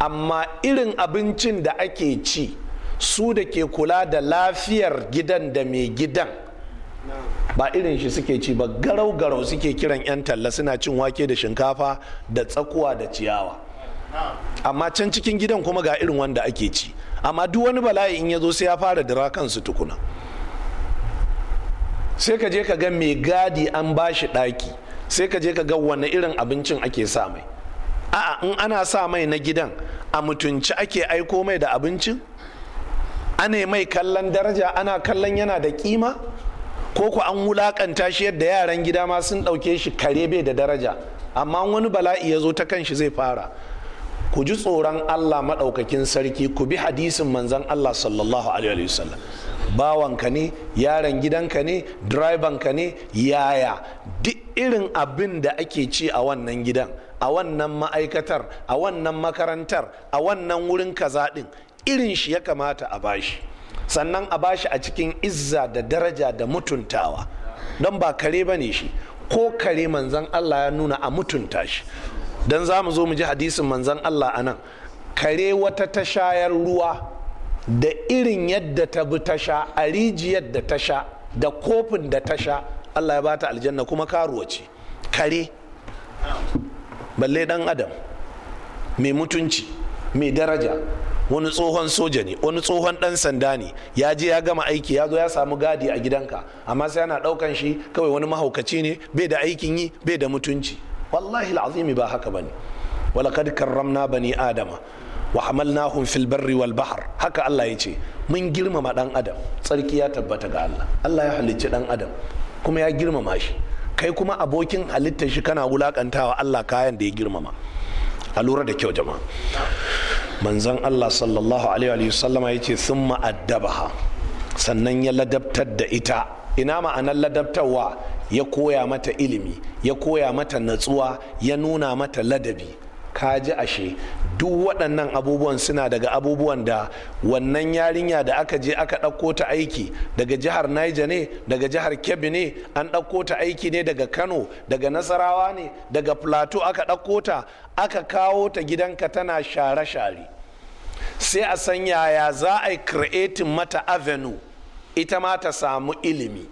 amma irin abincin da ake ci su da ke kula da lafiyar gidan da mai gidan ba irin shi suke ci ba garau garau suke kiran 'yan talla suna cin wake da shinkafa da tsakuwa da ciyawa amma can cikin gidan kuma ga irin wanda ake ci amma duk wani bala'i in ya zo sai ya fara dira kansu tukuna sai ka je ka ga mai gadi an ba shi ɗaki sai ka je ka ga wani irin abincin ake sa mai a'a in ana sa mai na gidan a mutunci ake aiko mai da abincin ana mai kallon daraja ana kallon yana da kima ko ku an wulakanta shi yadda yaran gida ma sun ɗauke shi kare bai da daraja amma wani bala'i ya zo ta kan shi zai fara ku ji tsoron Allah maɗaukakin sarki ku bi hadisin manzan Allah sallallahu alaihi wasallam ka ne gidan gidanka ne ka ne yaya duk irin abin da ake ci a wannan gidan a wannan ma'aikatar a wannan makarantar a wannan wurin kaza ɗin irin shi ya kamata a bashi. sannan a ba shi a cikin izza da daraja da mutuntawa don ba kare ba ne shi ko kare manzan Allah ya nuna a mutunta shi don za mu zo mu ji hadisin manzan Allah a nan kare wata ta shayar ruwa da irin yadda ta bi ta sha a rijiyar da ta sha da kofin da ta sha Allah ya bata aljanna kuma karuwa ce kare balle dan adam mai mutunci mai daraja wani tsohon soja ne wani tsohon dan sanda ne ya je ya gama aiki ya zo ya samu gadi a gidanka amma sai ana daukan shi kawai wani mahaukaci ne bai da aikin yi bai da mutunci wallahi alazimi ba haka bane walaqad karramna bani adama wa hamalnahum fil barri wal bahr haka Allah ya ce mun girmama dan adam tsarki ya tabbata ga Allah Allah ya halicci dan adam kuma ya girmama shi kai kuma abokin halittar shi kana wulakantawa Allah kayan da ya girmama a lura da kyau jama'a manzon Allah sallallahu alaihi wasallama yace sun addabaha sannan ya ladabtar da ita ina ma'anar ladabtarwa ya koya mata ilimi ya koya mata natsuwa ya nuna mata ladabi ka ji ashe duk waɗannan abubuwan suna daga abubuwan da wannan yarinya da aka je aka ɗauko ta aiki daga jihar Niger ne daga jihar Kebbi ne an ɗauko ta aiki ne daga Kano daga Nasarawa ne daga Plateau aka ɗauko ta aka kawo ta gidanka tana share-share sai a san yaya za a yi creating mata avenue ita ma ta samu ilimi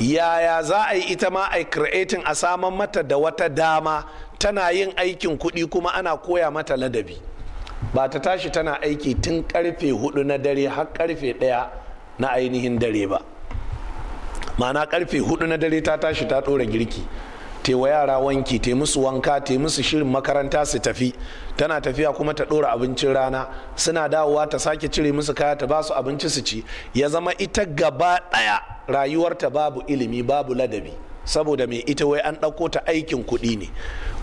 yaya za a yi ita ma a creating a saman mata da wata dama tana yin aikin kuɗi kuma ana koya mata ladabi ba ta tashi tana aiki tun karfe hudu na dare har karfe ɗaya na ainihin dare ba ma'ana karfe hudu na dare ta tashi ta tsora girki tewa yara wanki te musu wanka te musu shirin makaranta su tafi tana tafiya kuma ta ɗora abincin rana suna dawowa ta sake cire musu kaya ta basu abinci su ci ya zama ita gaba ɗaya rayuwarta babu ilimi babu ladabi saboda mai ita wai an ɗauko ta aikin kuɗi ne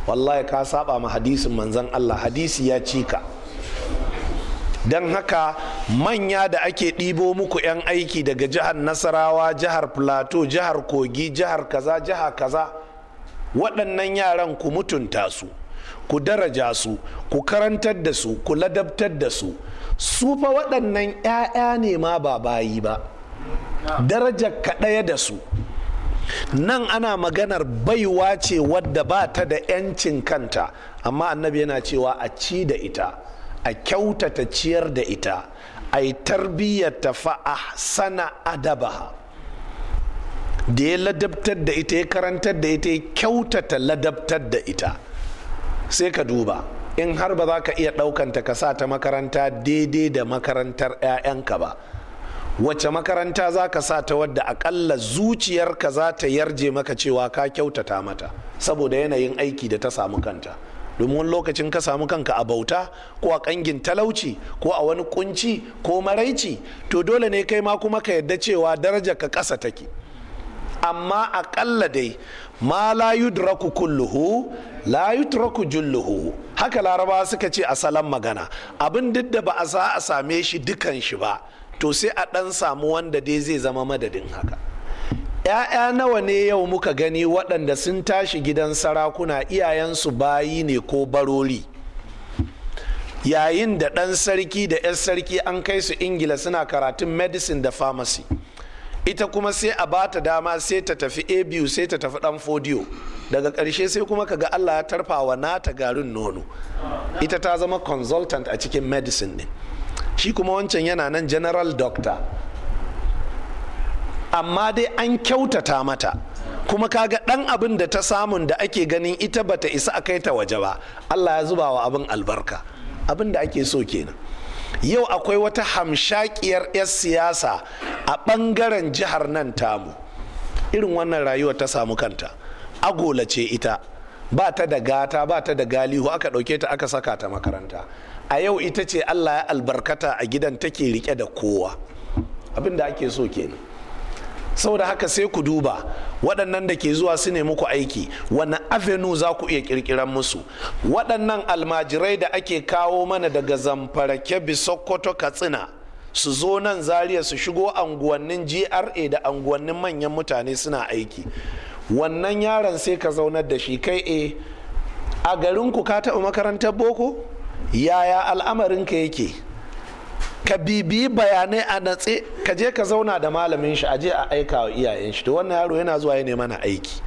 wallahi ka saba ma hadisin manzan Allah hadisi ya cika don haka manya da ake ɗibo muku 'yan aiki daga jihar nasarawa jihar plateau jihar kogi jihar kaza jihar kaza waɗannan yaran ku mutunta su ku daraja su ku karantar da su ku ladabtar da su su fa waɗannan 'ya'ya ne ma ba bayi ba daraja ka ɗaya da su nan ana maganar baiwa ce wadda ba ta da 'yancin kanta amma annabi yana cewa a ci da ita a kyautata ciyar da ita a yi tarbiyyar ta fa'a sana adabaha da ya ladabtar da ita ya karantar da ita ya kyautata ladabtar da ita sai ka duba in har ba za ka iya ɗaukanta ka sa ta makaranta daidai da makarantar 'ya'yanka ba wace makaranta za ka sa ta wadda akalla zuciyarka za ta yarje maka cewa ka kyautata mata saboda yanayin aiki da ta samu kanta domin lokacin ka samu kanka a bauta ko a kangin talauci ko a wani kunci ko maraici to dole ne kai ma kuma ka yadda cewa daraja ka ƙasa take amma aƙalla dai ma la yudraku kulluhu la yutraku julluhu haka laraba suka ce a salon magana abin duk da ba a sa a same shi dukan shi ba to sai a ɗan samu wanda dai zai zama madadin haka ‘ya'ya nawa ne yau muka gani waɗanda sun tashi gidan sarakuna iyayensu bayi ne ko baroli yayin da ɗan sarki da 'yar sarki an kai su ingila suna karatun medicine da pharmacy ita kuma sai a bata dama sai ta tafi a biyu sai ta tafi dan fodiyo daga ƙarshe sai kuma ka ga allah ya tarfawa nata garin nono ita ta zama consultant a cikin medicine ne shi kuma wancan yana nan general doctor amma dai an kyautata mata kuma kaga ɗan abin da ta samun da ake ganin ita bata isa a kai ta waje ba allah ya zuba wa abin albarka abin da ake so kenan yau akwai wata hamshakiyar 'yar siyasa a ɓangaren jihar nan tamu irin wannan rayuwa ta samu kanta agola ce ita ba ta da gata ba ta da galihu aka ɗauke ta aka saka ta makaranta a yau ita ce allah ya albarkata a gidan take rike da kowa abin da ake so kenan saboda haka sai ku duba waɗannan da ke zuwa su ne muku aiki wani avenue za ku iya kirkiran musu waɗannan almajirai da ake kawo mana daga zamfara kebbi sokoto katsina su zo nan zaria su shigo anguwannin gra da anguwannin manyan mutane suna aiki wannan yaron sai ka zaunar da shi kai e a garin ku ka taɓa makarantar boko yaya al'amarin al'amarinka yake ka bibi bayanai a natse ka je ka zauna da malamin shi a je a aika wa iyayen shi to wannan yaro yana zuwa ya nema na aiki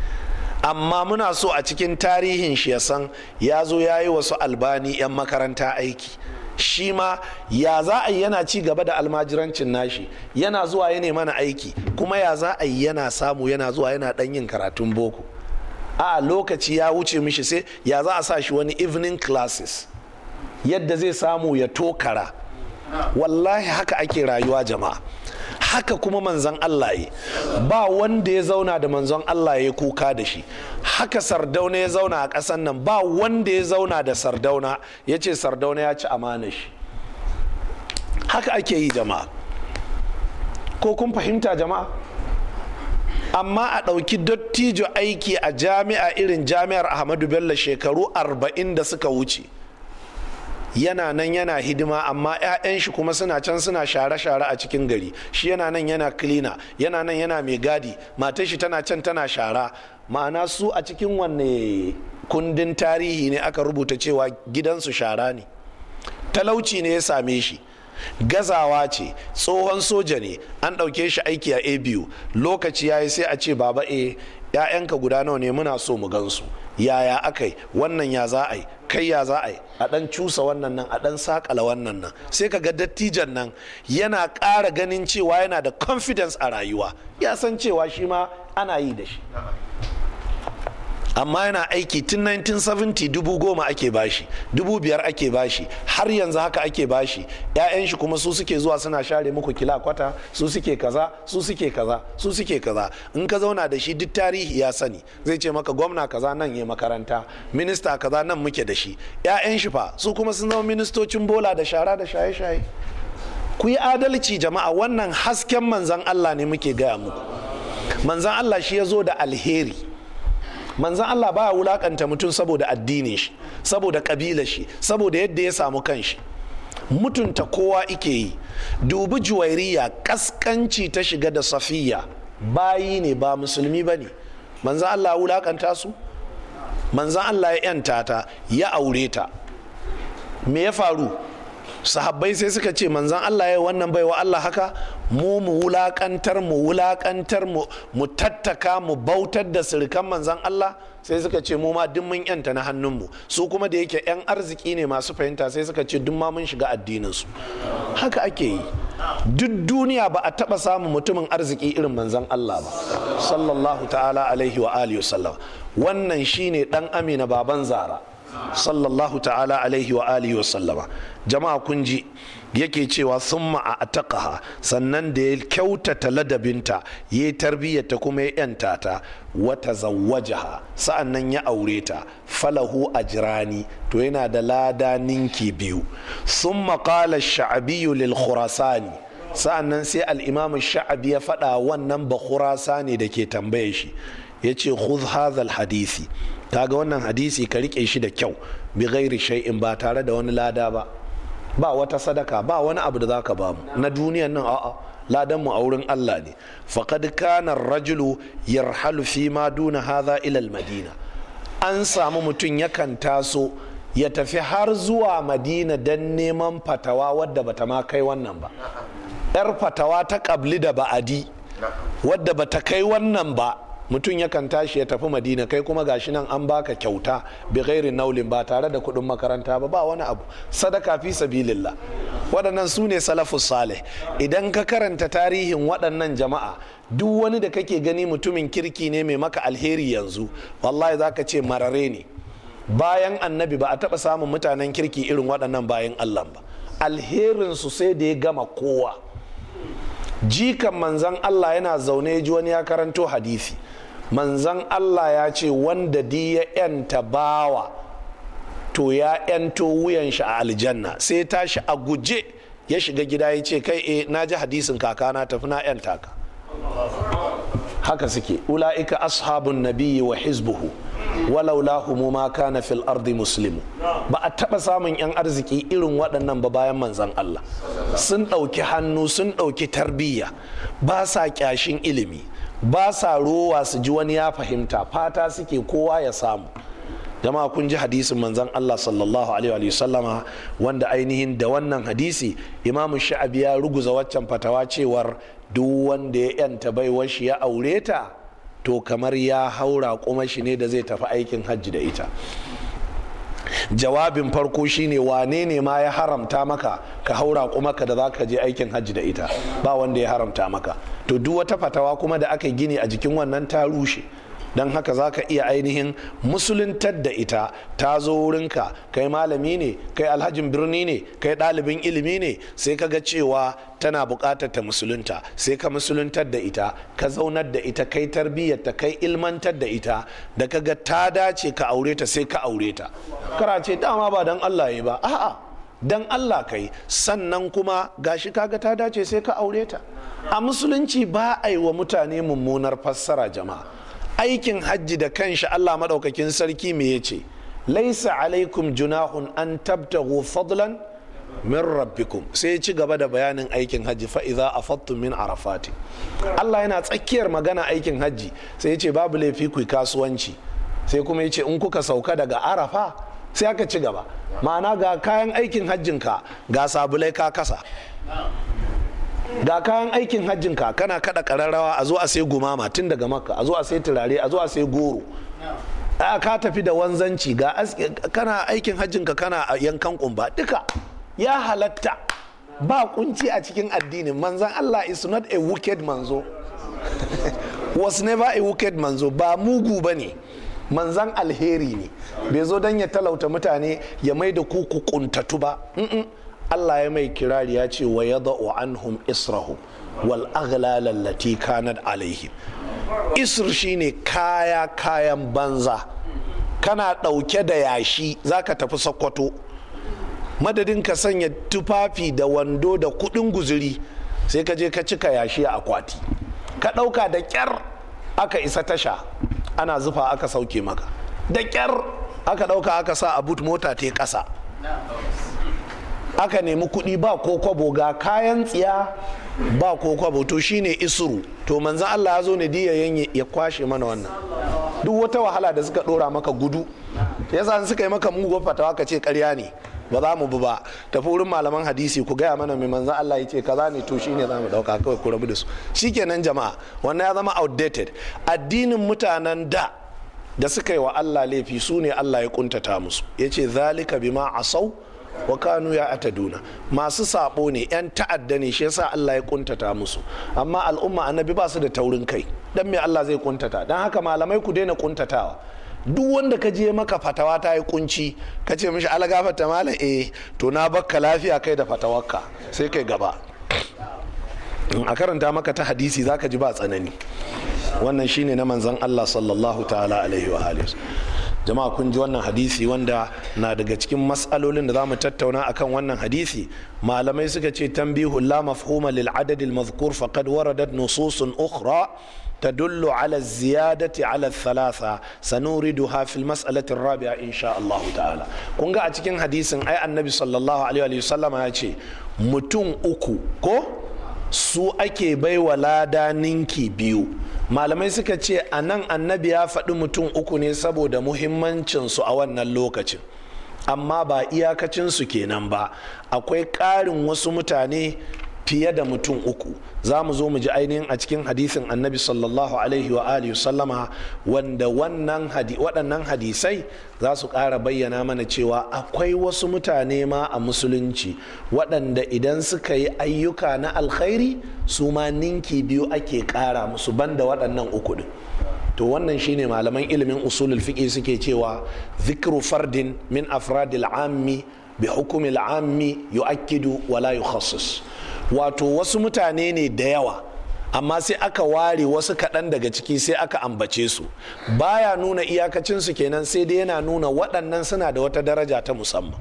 amma muna so a cikin tarihin shi ya san ya zo ya yi wasu albani 'yan makaranta aiki shi ma ya za a yi yana ci gaba da almajirancin nashi yana zuwa ya mana aiki kuma ya za a yi yana samu yana zuwa yana dan yin karatun boko a lokaci ya wuce mishi sai ya za a sa shi wani evening classes yadda zai samu ya tokara wallahi haka ake rayuwa jama'a haka kuma manzon Allah ya ba wanda ya zauna da manzon Allah ya kuka da shi haka sardauna ya zauna a ƙasan nan ba wanda ya zauna da sardauna ya ce sardauna ya ci amana shi haka ake yi jama'a ko kun fahimta jama'a amma a ɗauki dattijo aiki a jami'a irin jami'ar ahmadu bello shekaru arba'in da suka wuce yana nan yana hidima amma 'ya'yan shi kuma suna can suna share-share a cikin gari shi yana nan yana kilina yana nan yana mai gadi matar shi tana can tana shara ma'ana su a cikin wanne kundin tarihi ne aka rubuta cewa gidansu shara ne talauci ne ya same shi gazawa ce tsohon soja ne an ɗauke shi aiki a abu lokaci ya yi sai a ce baba e eh, 'ya'yanka guda nawa ne muna so mu gansu yaya aka yi wannan ya za a yi kai ya za a yi a dan cusa wannan nan a dan sakala wannan nan sai ka ga dattijan nan yana ƙara ganin cewa yana da confidence a rayuwa ya san cewa shi ma ana yi da shi amma yana aiki tun 1970 dubu goma ake bashi dubu biyar ake bashi har yanzu haka ake bashi 'ya'yan shi kuma su suke zuwa suna share muku kila kwata su suke kaza su suke kaza su suke kaza in ka zauna da shi duk tarihi ya sani zai ce maka gwamna kaza nan ya makaranta minista kaza nan muke da shi 'ya'yan shi fa su kuma sun zama ministocin bola da shara da shaye-shaye ku yi adalci jama'a wannan hasken manzan Allah ne muke gaya muku manzan Allah shi ya zo da alheri manzan Allah baya wulakanta mutum saboda addinin shi saboda kabilar shi saboda yadda ya samu kanshi mutunta kowa ike yi dubi juwairiya kaskanci ta shiga da safiya bayi ne ba musulmi ba ne manzan Allah wulakanta su manzan Allah ya yanta ta ya aure ta me ya faru sahabbai sai suka ce manzan Allah ya wannan bai wa Allah haka mu mu wulakantar mu wulakantar mu mu tattaka mu bautar da sirkan manzan Allah sai suka ce mu ma duk mun yanta na hannunmu su kuma da yake yan arziki ne masu fahimta sai suka ce duk ma mun shiga addinin su haka ake yi duk duniya ba a taba samun mutumin arziki irin manzan Allah ba sallallahu ta'ala alaihi wa alihi wannan shine dan amina baban zara sallallahu ta'ala alaihi wa alihi wa sallama jama'a Kunji yake cewa sun ataqaha sannan da ya kyautata ladabinta ya tarbiyyata kuma ya yanta ta wata zawwajaha sa'an nan ya aure ta falahu jirani to yana da lada ninki biyu sun maƙala sha'abiyu lil khurasani sa'an nan sai al'imamin sha'abi ya faɗa wannan ba khurasani da ke tambaye shi ya ce khudh hadisi kaga wannan hadisi ka rike shi da kyau bi ghairi shay'in ba tare da wani lada ba ba wata sadaka ba wani abu da zaka bamu na duniyan nan a'a ladan mu a wurin Allah ne faqad kana rajulu yarhalu fi ma duna hadha ila madina an samu mutum yakan taso ya tafi har zuwa madina dan neman fatawa wadda bata ma kai wannan ba yar fatawa ta kabli da ba'adi wadda bata kai wannan ba mutum yakan tashi ya tafi madina kai kuma gashi nan an baka kyauta bi ghairi naulin ba tare da kuɗin makaranta ba ba wani abu sadaka fi sabilillah waɗannan su ne salafus salih idan ka karanta tarihin waɗannan jama'a duk wani da kake gani mutumin kirki ne mai maka alheri yanzu wallahi zaka ce marare ne bayan annabi ba a taɓa samun mutanen kirki irin waɗannan bayan allah ba alherinsu sai da ya gama kowa jikan manzan Allah yana zaune ji wani ya karanto hadisi manzan Allah ya ce wanda di ya yanta bawa to ya yanto wuyan shi a aljanna sai tashi a guje ya shiga gida ya ce kai e na ji hadisin kakana tafi na yanta ka haka suke ula'ika ashabun nabiyyi wa hizbuhu walau lahumu ma kana fil ardi muslimu ba a taba samun yan arziki irin waɗannan ba bayan manzan Allah sun ɗauki hannu sun ɗauki tarbiyya ba sa kyashin ilimi ba sa rowa su ji wani ya fahimta fata suke kowa ya samu dama kun ji hadisin manzan Allah sallallahu alaihi sallama wanda ainihin da wannan hadisi imamu sha'abi ya ruguza waccan fatawa cewar duk wanda ya yanta baiwar shi ya aure ta to kamar ya haura kuma shi ne da zai tafi aikin hajji da ita jawabin farko shine wane ne ma ya haramta maka ka haura kuma ka da zaka je aikin hajji da ita ba wanda ya haramta maka to duk wata fatawa kuma da aka gini a jikin wannan ta rushe don haka za ka iya ainihin musuluntar da ita ta zo wurinka kai malami ne kai alhajin birni ne kai ɗalibin ilimi ne sai ka ga cewa tana buƙatar ta musulunta sai ka musuluntar da ita ka zaunar da ita kai tarbiyyar ta kai ilmantar da ita da ka ga ta dace ka aure ta sai ka aure ta karace dama ba don allah ya ba a'a dan Allah kai sannan kuma gashi kaga ta dace sai ka aure ta a musulunci ba a yi wa mutane mummunar fassara jama'a aikin hajji da kanshi Allah maɗaukakin sarki me ya ce laisa alaikum junahun an tabtahu fadlan min rabbikum sai ya ci gaba da bayanin aikin hajji fa a afattum min arafati Allah yana tsakiyar magana aikin hajji sai ya ce babu laifi ku kasuwanci sai kuma ya ce in kuka sauka daga arafa sai aka ci gaba ma'ana ga kayan aikin hajjinka ga sabulai ka kasa ga kayan aikin hajjinka kana kada kararrawa a zo a sai gumama tun daga maka a zo a sai turare a zo a sai goro a ka tafi da wanzanci ga kana aikin hajjinka kana a yankan kumba duka ya halatta ba kunci a cikin addinin manzan Allah is not a wicked manzo [laughs] was never a wicked manzo ba mugu ba ne manzan alheri ne bai zo don ya talauta mutane ya mai da ku ku kuntatu ba Allah ya mai kirari ya ce wa da'u anhum Israhu wal aghlal allati kanat alaihim isr shine kaya kayan banza kana ɗauke da yashi zaka tafi sokoto madadin ka sanya tufafi da wando da kuɗin guzuri sai ka je ka cika yashi a akwati ka ɗauka da kyar aka isa tasha ana zufa aka sauke maka da kyar aka ɗauka aka sa a but mota ta ƙasa aka nemi kuɗi ba ko kwabo ga kayan tsiya ba ko kwabo to shine isuru to manzan Allah ya zo ne diya ya kwashe mana wannan duk wata wahala da suka dora maka gudu ya yasa suka yi maka mugu fatawa ka ce karya ne ba za mu bi ba tafi wurin malaman hadisi ku gaya mana mai manzan Allah ya ce kaza ne to shine za mu dauka kawai ku rabu da su shikenan jama'a wannan ya zama outdated addinin mutanen da da suka yi wa Allah laifi su ne Allah ya kuntata musu Ya yace zalika bima asau wa kanu ya duna masu sabo ne yan ta'adda ne shi yasa Allah ya kuntata musu amma al'umma annabi ba su da taurin kai dan me Allah zai kuntata dan haka malamai ku daina kuntatawa duk wanda ka je maka fatawa ta yi kunci ka ce mishi alagafar ta malam eh to na bakka lafiya kai da fatawarka sai kai gaba a karanta maka ta hadisi zaka ji ba tsanani wannan shine na manzon Allah sallallahu ta'ala alaihi wa alihi jama'a kun ji wannan hadisi wanda na daga cikin matsalolin da za mu tattauna akan wannan hadisi malamai suka ce tambihu la mafhuma lil adad al mazkur faqad waradat nususun ukhra تدل على الزيادة على الثلاثة سنوردها في المسألة الرابعة إن شاء الله تعالى كونغا أتكين حديث أي النبي صلى الله عليه وسلم يقول متون أكو كو su ake baiwa lada ninki biyu malamai suka ce a nan annabi ya faɗi mutum uku ne saboda muhimmancinsu a wannan lokacin amma ba iyakacinsu kenan ba akwai ƙarin wasu mutane fiye da mutum uku za mu zo mu ji ainihin a cikin hadisin annabi sallallahu alaihi wa alihi sallama wanda wannan waɗannan hadisai za su ƙara bayyana mana cewa akwai wasu mutane ma a musulunci waɗanda idan suka yi ayyuka na alkhairi su ma ninki biyu ake ƙara musu banda waɗannan uku ɗin to wannan shine malaman ilimin usulul fiqi suke cewa zikru fardin min afradil ammi bi hukumil ammi yu'akkidu wala yukhassis wato wasu mutane ne da yawa amma sai aka ware wasu kaɗan daga ciki sai aka ambace su baya nuna iyakacinsu kenan sai dai yana nuna waɗannan suna da wata daraja ta musamman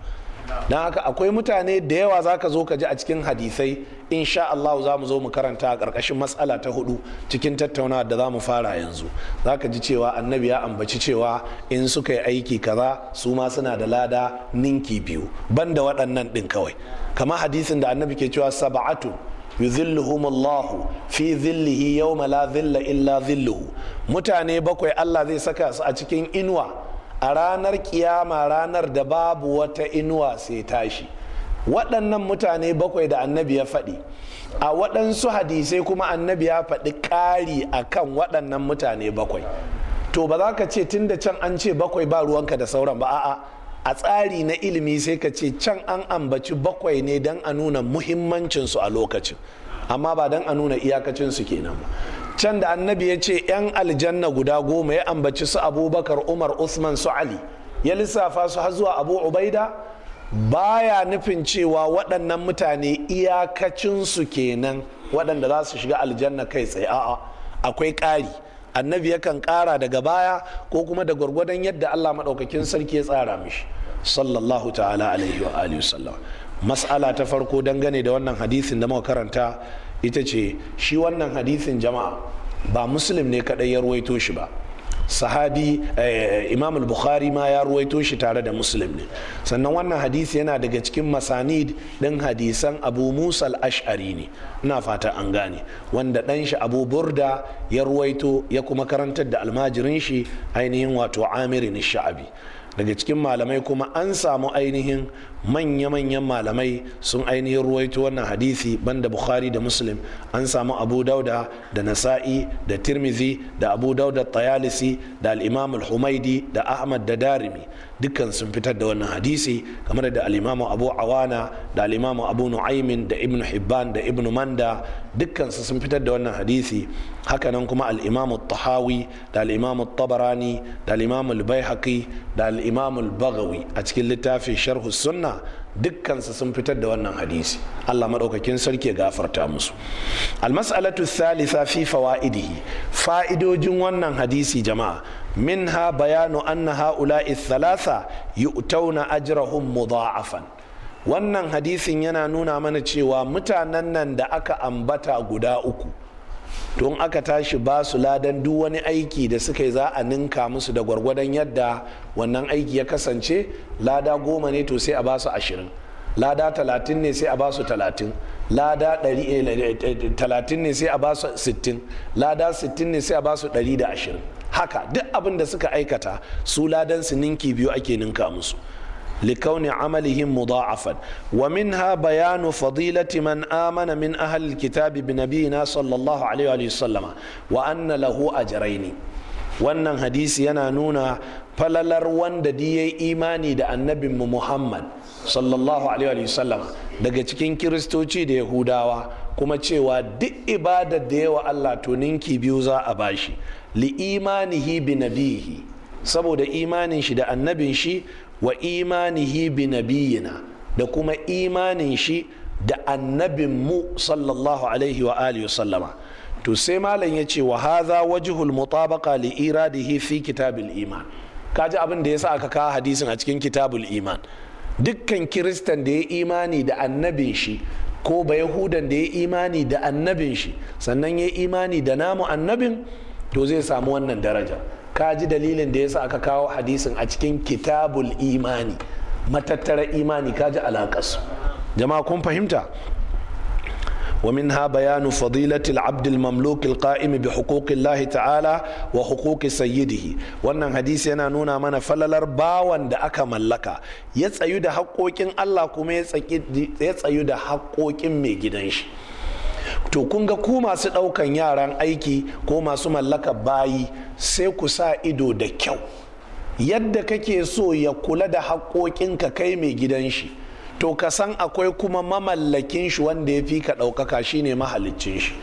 don haka akwai mutane da yawa za ka zo ka ji a cikin hadisai insha Allah za mu zo mu karanta a ƙarƙashin matsala ta hudu cikin tattauna da za mu fara yanzu za ka ji cewa annabi ya ambaci cewa in suka yi aiki kaza su ma suna da lada ninki biyu banda waɗannan ɗin kawai kama hadisin da annabi ke cewa sab'atu yuzilluhum Allah fi zillihi yawma la zilla illa zilluhu mutane bakwai Allah zai saka su a cikin inuwa a ranar kiyama ranar da babu wata inuwa sai tashi waɗannan mutane bakwai da annabi ya faɗi a waɗansu hadisai kuma annabi ya faɗi ƙari a kan waɗannan mutane bakwai to ba za ka ce tun da can an ce bakwai ba ruwanka da sauran ba a'a a tsari na ilimi sai ka ce can an ambaci bakwai ne don a nuna muhimmancinsu a lokacin amma ba don a nuna iyakacinsu kenan ba can da annabi ya ce 'yan aljanna guda goma ya ambaci su abubakar umar usman su ali ya lissafa su har zuwa abu ubaida baya nufin cewa waɗannan mutane iyakacinsu kenan waɗanda za su shiga aljanna kai tsaye a'a akwai ƙari annabi yakan ƙara daga baya ko kuma da gwargwadon yadda allah maɗaukakin sarki ya tsara mishi sallallahu ta'ala alaihi wa alihi mas'ala ta farko dangane da wannan hadisin da muka karanta ita ce shi wannan hadithin jama'a ba muslim ne kadai ya ruwaito shi ba sahabi eh, imam al-bukhari ma ya ruwaito shi tare da muslim ne sannan wannan hadisi yana daga cikin masanid ɗin hadisan abu musa al-ash'ari ne ina fata an gane wanda ɗan shi abu burda ya ruwaito ya kuma karantar da almajirin shi ainihin wato amir sha'abi daga cikin malamai kuma an samu ainihin manya-manyan malamai sun ainihin ruwaito wannan hadisi banda bukhari da muslim an samu abu dauda da nasa'i da tirmizi da abu dauda tayalisi da al'imamul al-humaidi da ahmad da darimi dukkan sun fitar da wannan hadisi kamar da al'imamu abu awana da imam abu nu'aimin da ibn hibban da ibn manda dukkan sun fitar da wannan hadisi hakanan kuma al'imamu tahawi da al'imamu tabarani da al'imamu al da al'imamu al a cikin littafin sharhu sunna dukkansu sun fitar da wannan hadisi Allah maɗaukakin sarki gafarta musu almas'alatu thalitha fi fawaidihi fa'idojin wannan hadisi jama'a minha bayanu anna haula'i thalatha yu'tauna ajrahum mudha'afan wannan hadisin yana nuna mana cewa mutanen nan da aka ambata guda uku don aka tashi ba su ladan duk wani aiki da suka yi za a ninka musu da gwargwadon yadda wannan aiki ya kasance lada goma ne to sai a ba su ashirin lada talatin ne sai a ba su talatin lada eh, eh, eh, talatin ne sai a ba su sittin lada sittin ne sai a ba su ɗari da ashirin haka duk abin da suka aikata su ladan su ninki biyu ake ninka musu لكون عملهم مضاعفا ومنها بيان فضيلة من آمن من أهل الكتاب بنبينا صلى الله عليه وآله وسلم وأن له أجرين wannan hadisi yana nuna falalar wanda diye imani da annabinmu muhammad sallallahu alaihi daga cikin kiristoci da yahudawa kuma cewa duk ibadar da yawa allah to ninki biyu za a bashi li imanihi bi nabihi saboda imanin shi da annabin shi wa imanihi bi nabiyina da kuma imanin shi da annabin mu sallallahu alaihi wa alihi sallama to sai malam ya ce wa hadha wajhul mutabaqa li iradihi fi kitabil iman kaji abin da yasa aka kawo hadisin a cikin kitabul iman dukkan kiristan da ya imani da annabin shi ko ba yahudan da ya imani da annabin shi sannan ya imani da namu annabin to zai samu wannan daraja ka ji dalilin da yasa aka kawo hadisin a cikin kitabul imani matattara imani ka ji alaƙarsu jama'a kun fahimta ومنها بيان فضيلة العبد المملوك القائم بحقوق الله تعالى وحقوق سيده wannan hadisi yana nuna mana falalar bawan da aka mallaka ya tsayu da haƙoƙin Allah kuma ya tsayu da haƙoƙin mai gidan shi to kun ga ku masu ɗaukan yaran aiki ko masu mallaka bayi sai ku sa ido da kyau yadda kake so ya kula da haƙoƙinka kai mai gidan shi to ka san akwai kuma mamallakin shi wanda ya fi ka ɗaukaka shi ne mahaliccin shi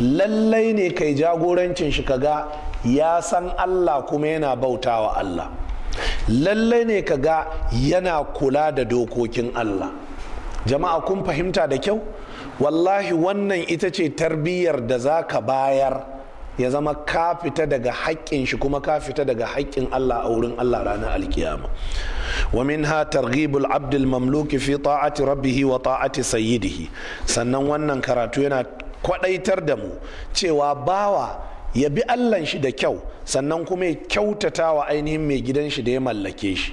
lallai ne kai jagorancin shi ka ga ya san Allah kuma yana bautawa Allah lallai ne ka ga yana kula da dokokin Allah jama'a kun fahimta da kyau wallahi wannan ita ce tarbiyyar da za ka bayar ya zama ka fita daga haƙƙin shi kuma ka fita daga haƙƙin Allah a wurin Allah ranar alkiyama wa minha targhibul abdul mamluki fi ta'ati rabbihi wa ta'ati sayyidihi sannan wannan karatu yana kwadaitar da mu cewa bawa ya bi Allah shi da kyau sannan kuma ya kyautata wa ainihin mai gidan shi da ya mallake shi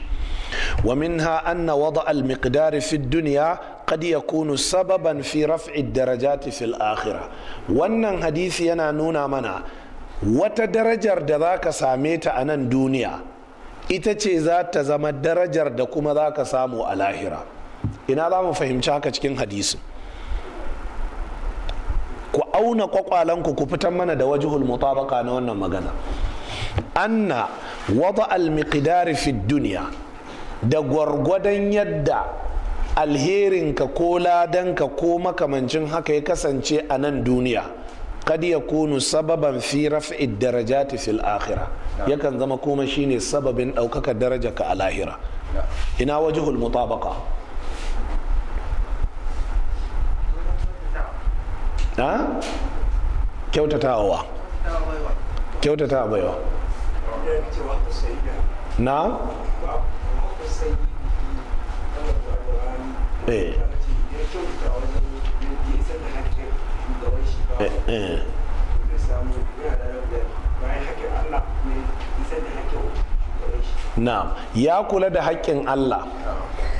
ومنها أن وضع المقدار في الدنيا قد يكون سببا في رفع الدرجات في الآخرة وأن حديث za منا وتدرجر دذاك ساميت عن الدنيا ita ce za ta zama darajar da kuma za ka samu a lahira ina za mu fahimci haka cikin hadisi ku auna kwakwalanku ku fitan mana da wajihul mutabaka na wannan magana anna wada al-miqdari fi duniya da gwargwadon yadda alherinka ko ladanka ko makamancin haka ya kasance a nan duniya kad ya kunu sababan fi raf'i darajati fil akhira yakan zama kuma shine sababin daukaka darajarka a lahira ina wajhul mutabaqa ha kyautatawa kyautatawa baiwa na Eh. Eh, eh. na'am ya kula da haƙƙin Allah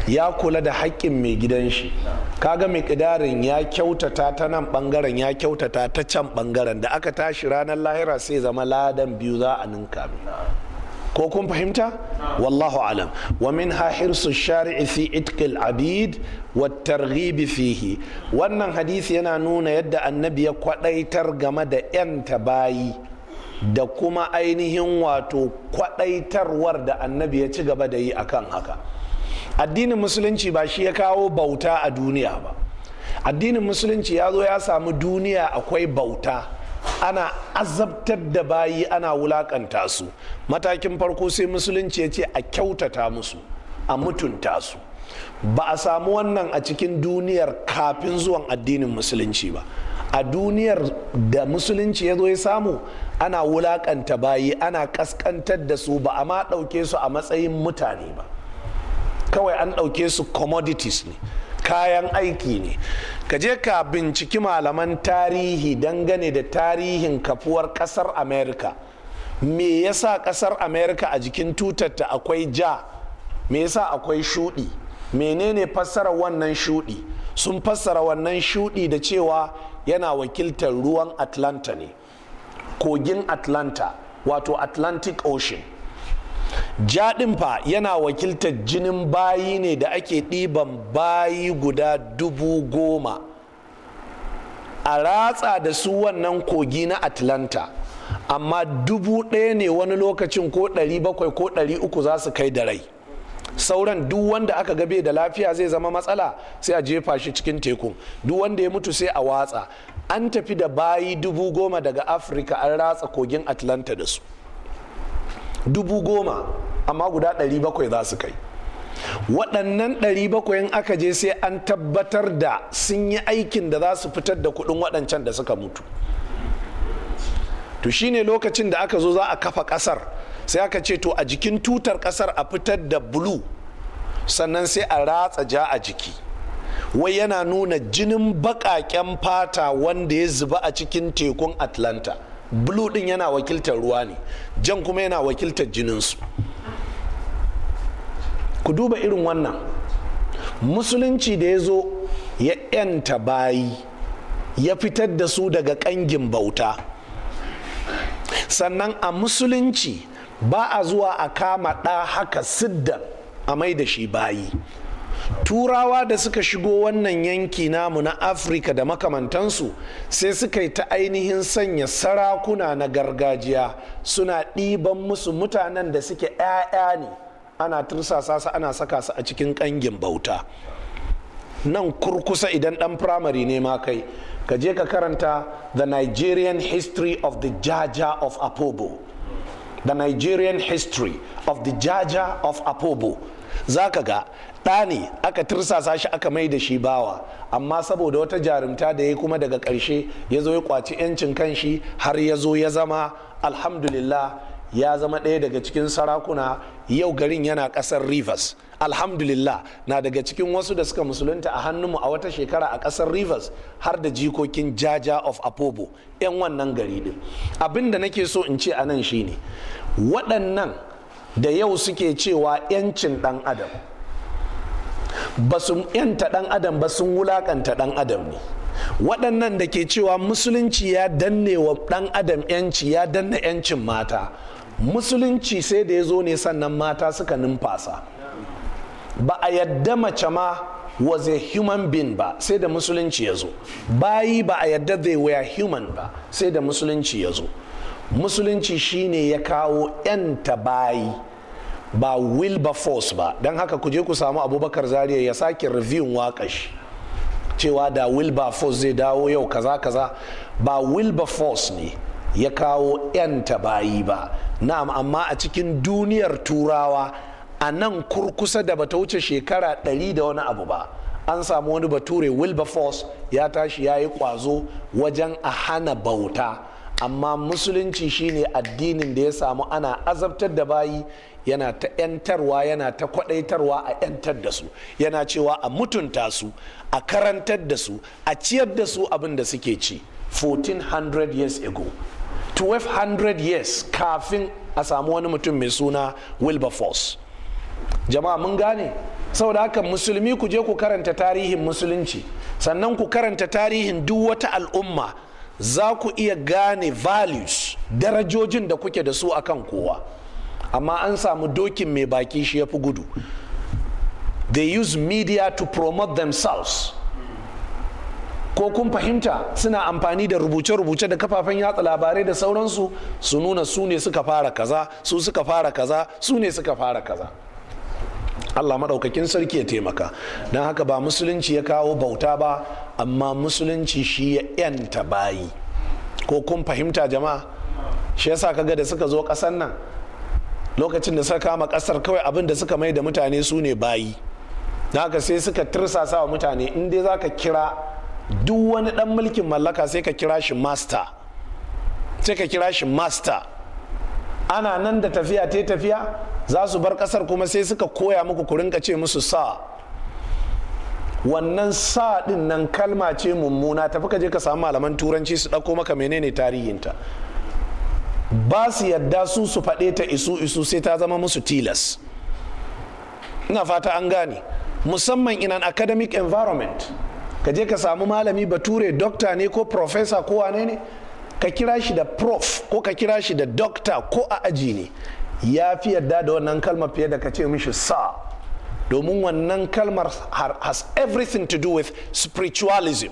ya kula da haƙƙin mai gidan shi kaga mai ƙidarin ya kyautata ta nan ɓangaren ya kyautata ta can ɓangaren da aka tashi ranar lahira sai zama ladan biyu za a ninka ko kun fahimta wallahu alam wa min ha hirsu shari'i fi itqil abid wa targhib fihi wannan hadisi yana nuna yadda annabi ya kwadaitar game da yanta bayi da kuma ainihin wato kwadaitarwar da annabi ya ci gaba da yi akan haka addinin musulunci ba shi ya kawo bauta a duniya ba addinin musulunci ya zo ya samu duniya akwai bauta ana azabtar da bayi ana wulakanta su matakin farko sai musulunci ya ce a kyautata musu a mutunta su ba a samu wannan a cikin duniyar kafin zuwan addinin musulunci ba a duniyar da musulunci ya zo ya samu ana wulakanta bayi ana kaskantar da su ba a ma ɗauke su a matsayin mutane ba kawai an ɗauke su commodities ne kayan aiki ne ka je ka binciki malaman tarihi dangane da tarihin kafuwar kasar america me yasa kasar america a jikin tutarta akwai ja me yasa akwai shudi menene fassara wannan shudi sun fassara wannan shudi da cewa yana wakiltar ruwan atlanta ne kogin atlanta wato atlantic ocean jaɗin fa yana wakiltar jinin bayi ne da ake ɗiban bayi guda dubu goma a ratsa da su wannan kogi na atlanta amma dubu ɗaya ne wani lokacin ko ɗari bakwai ko ɗari uku za su kai da rai sauran duk wanda aka gabe da lafiya zai zama matsala sai a jefa shi cikin tekun duk wanda ya mutu sai a watsa an tafi da bayi dubu goma daga afirka an ratsa kogin atlanta da su dubu goma amma guda ɗari bakwai za su kai waɗannan ɗari bakwai aka je sai an tabbatar da sun yi aikin da za su fitar da kuɗin waɗancan da suka mutu to shine lokacin da aka zo za a kafa ƙasar sai aka ce to a jikin tutar ƙasar a fitar da bulu sannan sai a ratsa ja a jiki wai yana nuna jinin baƙaƙen fata wanda ya zuba a cikin tekun atlanta blue din yana wakiltar ruwa ne jan kuma yana wakiltar jininsu ku duba irin wannan musulunci da ya zo ya 'yanta bayi ya fitar da su daga kangin bauta sannan a musulunci ba a zuwa a kama ɗa haka siddan a mai da shi bayi turawa da suka shigo wannan yanki namu na afirka da makamantansu sai suka yi ta ainihin sanya sarakuna na gargajiya suna ɗiban musu mutanen da suke 'ya'ya ne ana tursasa su ana saka su a cikin ƙangin bauta nan kurkusa idan ɗan firamare ne ma kai ka je ka karanta the nigerian history of the jaja of apobo the nigerian history of the jaja of apobo za ka ga ɗa ne aka tirsasa shi aka mai da shi bawa amma saboda wata jarumta da ya kuma daga ƙarshe ya zo ya kwaci 'yancin kanshi har ya zo ya zama alhamdulillah ya zama ɗaya daga cikin sarakuna yau garin yana ƙasar rivers alhamdulillah na daga cikin wasu da suka musulunta a hannunmu a wata shekara a ƙasar rivers har da jikokin jaja of apobo 'yan wannan gari din abin da nake so in ce a nan shine waɗannan da yau suke cewa 'yancin ɗan adam ba su yanta dan adam ba sun wulakanta dan adam ne waɗannan da ke cewa musulunci ya danne wa dan adam yanci ya danne yancin mata musulunci sai da ya zo ne sannan mata suka numfasa ba a yadda mace ma was a human being ba sai da musulunci ya zo bayi ba a yadda they were human ba sai da musulunci ya zo musulunci shine ya kawo 'yanta bayi ba wilberforce ba don haka ku je ku samu abubakar Zaria ya sake waka waƙashi cewa da wilberforce zai dawo yau kaza kaza ba wilberforce ne ya kawo 'yan bayi ba na'am amma a cikin duniyar turawa a nan kurkusa da bata wuce shekara ɗari da wani abu ba an samu wani bature wilberforce ya tashi ya yi kwazo wajen a hana bauta amma musulunci shine addinin da ya samu ana azabtar da bayi yana ta 'yantarwa yana ta kwadaitarwa a 'yantar da su yana cewa a mutunta su a karantar da su a ciyar da su abin da suke ci 1400 years ago 1200 years kafin a samu wani mutum mai suna wilberforce jama'a mun gane saboda haka musulmi ku je ku karanta tarihin musulunci sannan ku karanta tarihin duk wata al'umma za ku iya gane values darajojin da kuke da su akan kowa amma an samu dokin mai baki shi ya fi gudu they use media to promote themselves ko kun fahimta suna amfani da rubuce-rubuce da kafafen yatsa labarai da sauransu su nuna su ne suka fara kaza su suka fara kaza su ne suka fara kaza Allah maɗaukakin sarki ya taimaka don haka ba musulunci ya kawo bauta ba amma musulunci shi ya 'yanta bayi ko kun fahimta jama'a shi yasa kaga da suka zo ƙasan nan lokacin da suka kama kasar kawai abin da suka mai da mutane su ne bayi da haka sai suka tirsasa wa mutane in dai za ka kira duk wani dan mulkin mallaka sai ka kira shi master sai ka kira shi master ana nan da tafiya ta tafiya za su bar kasar kuma sai suka koya muku ku rinka ce musu sa wannan sa din nan kalma ce mummuna tafi ka je ka samu malaman turanci su dauko maka menene tarihinta ba su yadda su su faɗe ta isu isu sai ta zama musu tilas ina fata an gane musamman in an academic environment ka je ka samu malami bature dokta ne ko profesa ko wane ne ka kira shi da prof ko ka kira shi da dokta ko a aji ne ya fi yadda da wannan kalmar fiye da ka ce mishi sa domin wannan kalmar has everything to do with spiritualism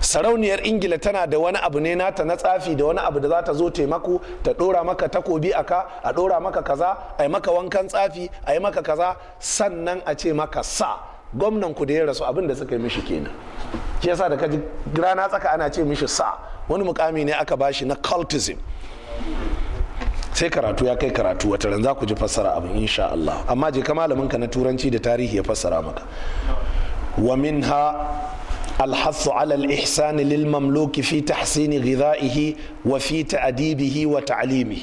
sarauniyar ingila tana da wani abu ne nata na tsafi da wani abu da za ta zo taimako ta dora maka takobi aka a dora maka kaza a yi maka wankan tsafi a yi maka kaza sannan a ce maka sa gwamnan ku da ya rasu abin da suka yi mishi kenan shi yasa da ka ji rana tsaka ana ce mishi sa wani mukami ne aka bashi na cultism sai karatu ya kai karatu wata ran za ku ji fassara abin insha Allah amma je ka malamin ka na turanci da tarihi ya fassara maka wa minha الحث على الإحسان للمملوك في تحسين غذائه وفي تأديبه وتعليمه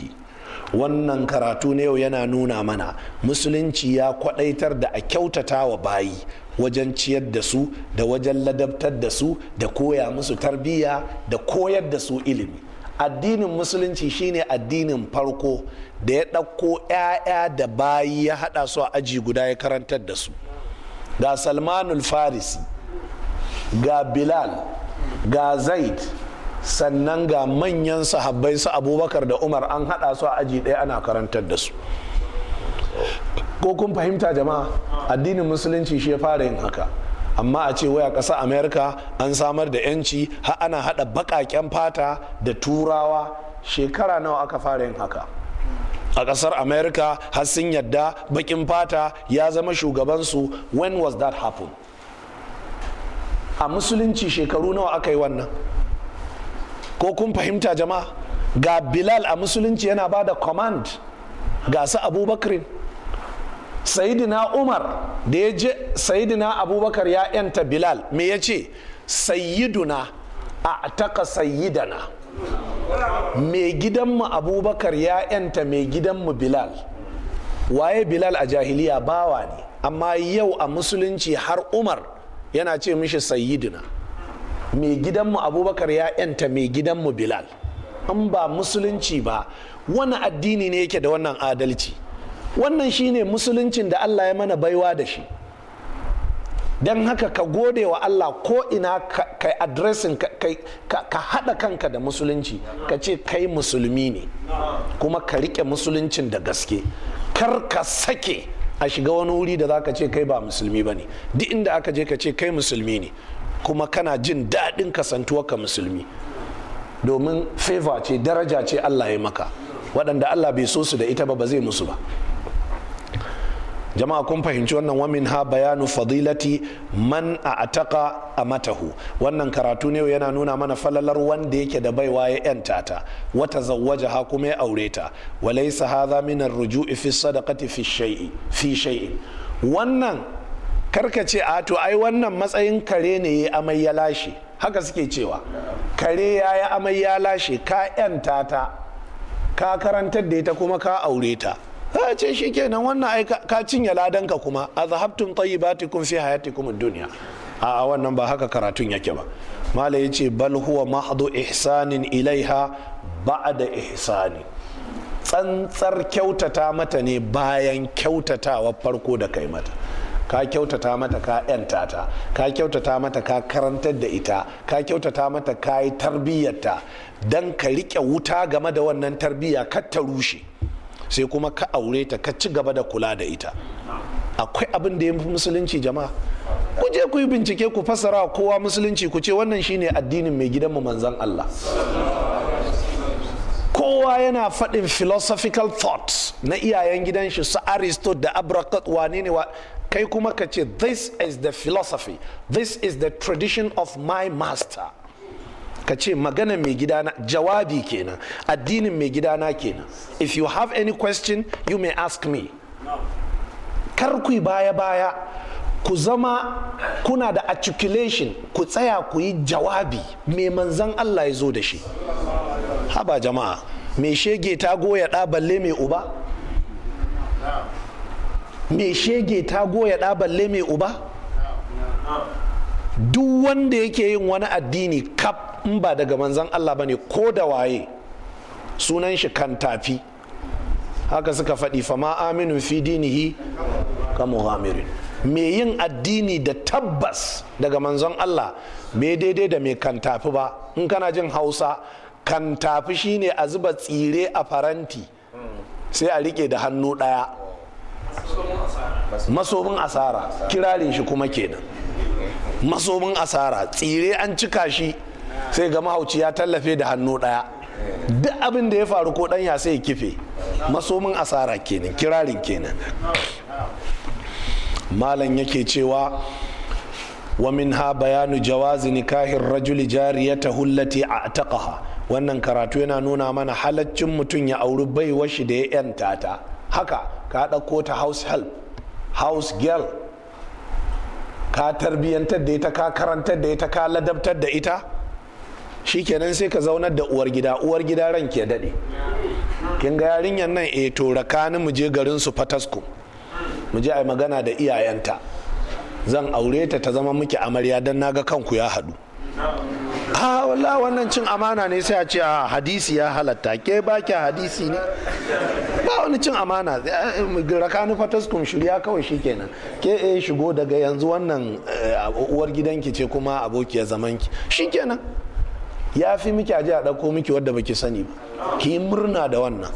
wannan karatu na yau yana nuna mana musulunci ya kwadaitar da a kyautata wa bayi wajen ciyar da su da wajen ladabtar da su da koya musu tarbiyya da koyar da su ilimi addinin musulunci shine addinin farko da ya ɗauko 'ya'ya da bayi ya haɗa su a aji guda ya karantar da su ga salmanul farisi ga bilal ga zaid sannan ga manyan sahabbai su abubakar da umar an haɗa su a aji ɗaya ana karantar da su ko kun fahimta jama'a addinin musulunci shi ya fara yin haka amma a ce waya ƙasa amerika an samar da yanci ha ana haɗa baƙaƙen fata da turawa shekara nawa aka fara yin haka a ƙasar amerika har sun yadda baƙin fata ya zama shugabansu when was that happen a musulunci shekaru nawa aka yi wannan ko kun fahimta jama'a ga bilal a musulunci yana ba da command ga su abubakarin sayidina umar da ya je sayidina abubakar ya yanta bilal me ya ce sayiduna a taka sayidana mai gidanmu abubakar ya yanta mai gidanmu bilal waye bilal a jahiliya bawa ne amma yau a musulunci har umar yana ce mishi sayyidina mai gidanmu abubakar ya yanta mai gidanmu bilal in ba musulunci ba wani addini ne yake da wannan adalci wannan shine musuluncin da allah ya mana baiwa da shi don haka ka gode wa allah ko ina ka adresin ka haɗa kanka da musulunci ka ce kai musulmi ne kuma ka riƙe musuluncin da gaske kar ka sake a shiga wani wuri da za ce kai ba musulmi ba ne duk inda aka je ka ce kai musulmi ne kuma kana jin daɗin kasantuwa ka musulmi domin favor ce daraja ce allah ya maka waɗanda allah bai so su da ita ba ba zai musu ba jama'a kun fahimci wannan wamin ha bayanu fadilati man a ataka a matahu wannan karatu ne yana nuna mana falalar wanda yake da baiwa ya yanta ta wata zawwaja ha kuma ya aure ta walaisa ha za rujui fi sadaqati fi shay'i fi shay'in wannan karkace a to ai wannan matsayin kare ne ya amai ya lashe haka suke cewa kare ya yi amai ya lashe ka yanta ta ka karantar da ita kuma ka aure ta ta ce shi kenan wannan ai ka cinye ladanka kuma a zahabtun ba ta kunfi fi kuma duniya a wannan ba haka karatun yake ba mala ya ce bal huwa ihsanin ilaiha da ihsani tsantsar kyautata mata ne bayan kyautatawa farko da kai mata ka kyautata mata ka yanta ta ka kyautata mata ka karantar da ita ka kyautata mata ka yi tarbiyyarta don ka riƙe wuta game da wannan tarbiyya kar ta rushe sai kuma ka aure ta ka ci gaba da kula da ita akwai abin da ya fi musulunci jama'a ku je ku yi bincike ku fasara kowa musulunci ku ce wannan shine addinin mai gidan mu manzan Allah kowa yana faɗin philosophical thoughts na iyayen gidan shi su aristotle da abrakat wane ne wa kai kuma ka ce this is the philosophy this is the tradition of my master ka ce magana mai gidana jawabi kenan addinin mai gidana kenan if you have any question you may ask me kar ku baya baya ku zama kuna da articulation ku tsaya ku yi jawabi mai manzan Allah ya zo da shi haba jama'a mai shege ta goya ɗa balle mai uba mai shege ta goya ɗa balle mai uba duk wanda yake yin wani addini kaf. in ba daga manzan Allah ne ko da waye sunan shi kan tafi haka suka faɗi fama aminu fi dinihi ka muhammirin Me yin addini da tabbas daga manzon Allah bai daidai da mai kan tafi ba in kana jin hausa kan tafi shine a zuba tsire a faranti sai a rike da hannu ɗaya masobin asara kirarin shi kuma kenan masobin asara tsire an cika shi sai ga mahauci ya tallafe da hannu ɗaya duk abin da ya faru ko ɗanya sai ya kife masomin asara kenan kirarin kenan malam yake cewa wa min ha bayanu jawazi nikahin rajuli a a a'taqaha wannan karatu yana nuna mana halaccin mutum ya auri baiwar shi da ya yanta ta haka ka ɗauko ta house help house girl ka tarbiyyantar da ita ka karantar da ita ka ladabtar da ita shikenan sai ka zaunar da uwar gida uwar gida ran ke daɗe kin ga yarinyar nan e to rakani mu je garin su fatasku mu je a magana da iyayenta zan aure ta ta zama miki amarya don naga kanku ya haɗu a walla wannan cin amana ne sai a ce a ah, hadisi ya halatta ke baki hadisi ne ba wani cin amana eh, rakani fataskum shirya kawai shikenan ke e shigo daga yanzu wannan uwar gidanki ce kuma abokiyar zamanki shikenan ya fi miki aje a ɗauko miki wadda baki sani ba ki murna da wannan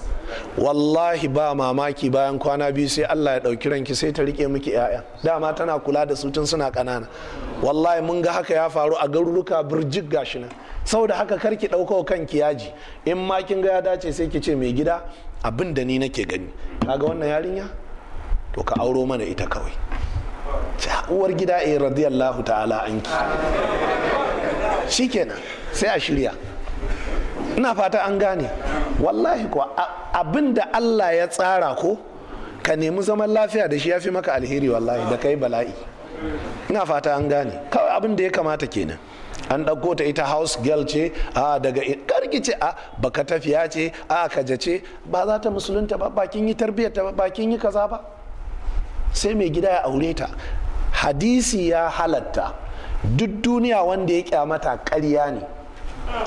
wallahi ba mamaki bayan kwana biyu sai Allah ya ɗauki ranki sai ta rike miki 'ya'ya dama tana kula da su tun suna ƙanana wallahi mun ga haka ya faru a garuruka birjik gashi nan saboda haka karki ɗauko kanki yaji in ma kin ga ya dace sai ki ce mai gida abin da ni nake gani kaga wannan yarinya to ka auro mana ita kawai uwar gida eh radiyallahu ta'ala anki shikenan sai a shirya ina fata an gane wallahi kuwa abin da allah ya tsara ko ka nemi zaman lafiya da shi ya fi maka alheri wallahi da kai bala'i ina fata an gane kawai abin da ya kamata kenan an ɗauko ta ita house girl ce a daga karki ce a baka tafiya ce a kaja ce ba za ta musulunta ba bakin yi tarbiyyar ta bakin yi kaza ba sai mai gida ya aure ta hadisi ya halatta duk duniya wanda ya kyamata karya ne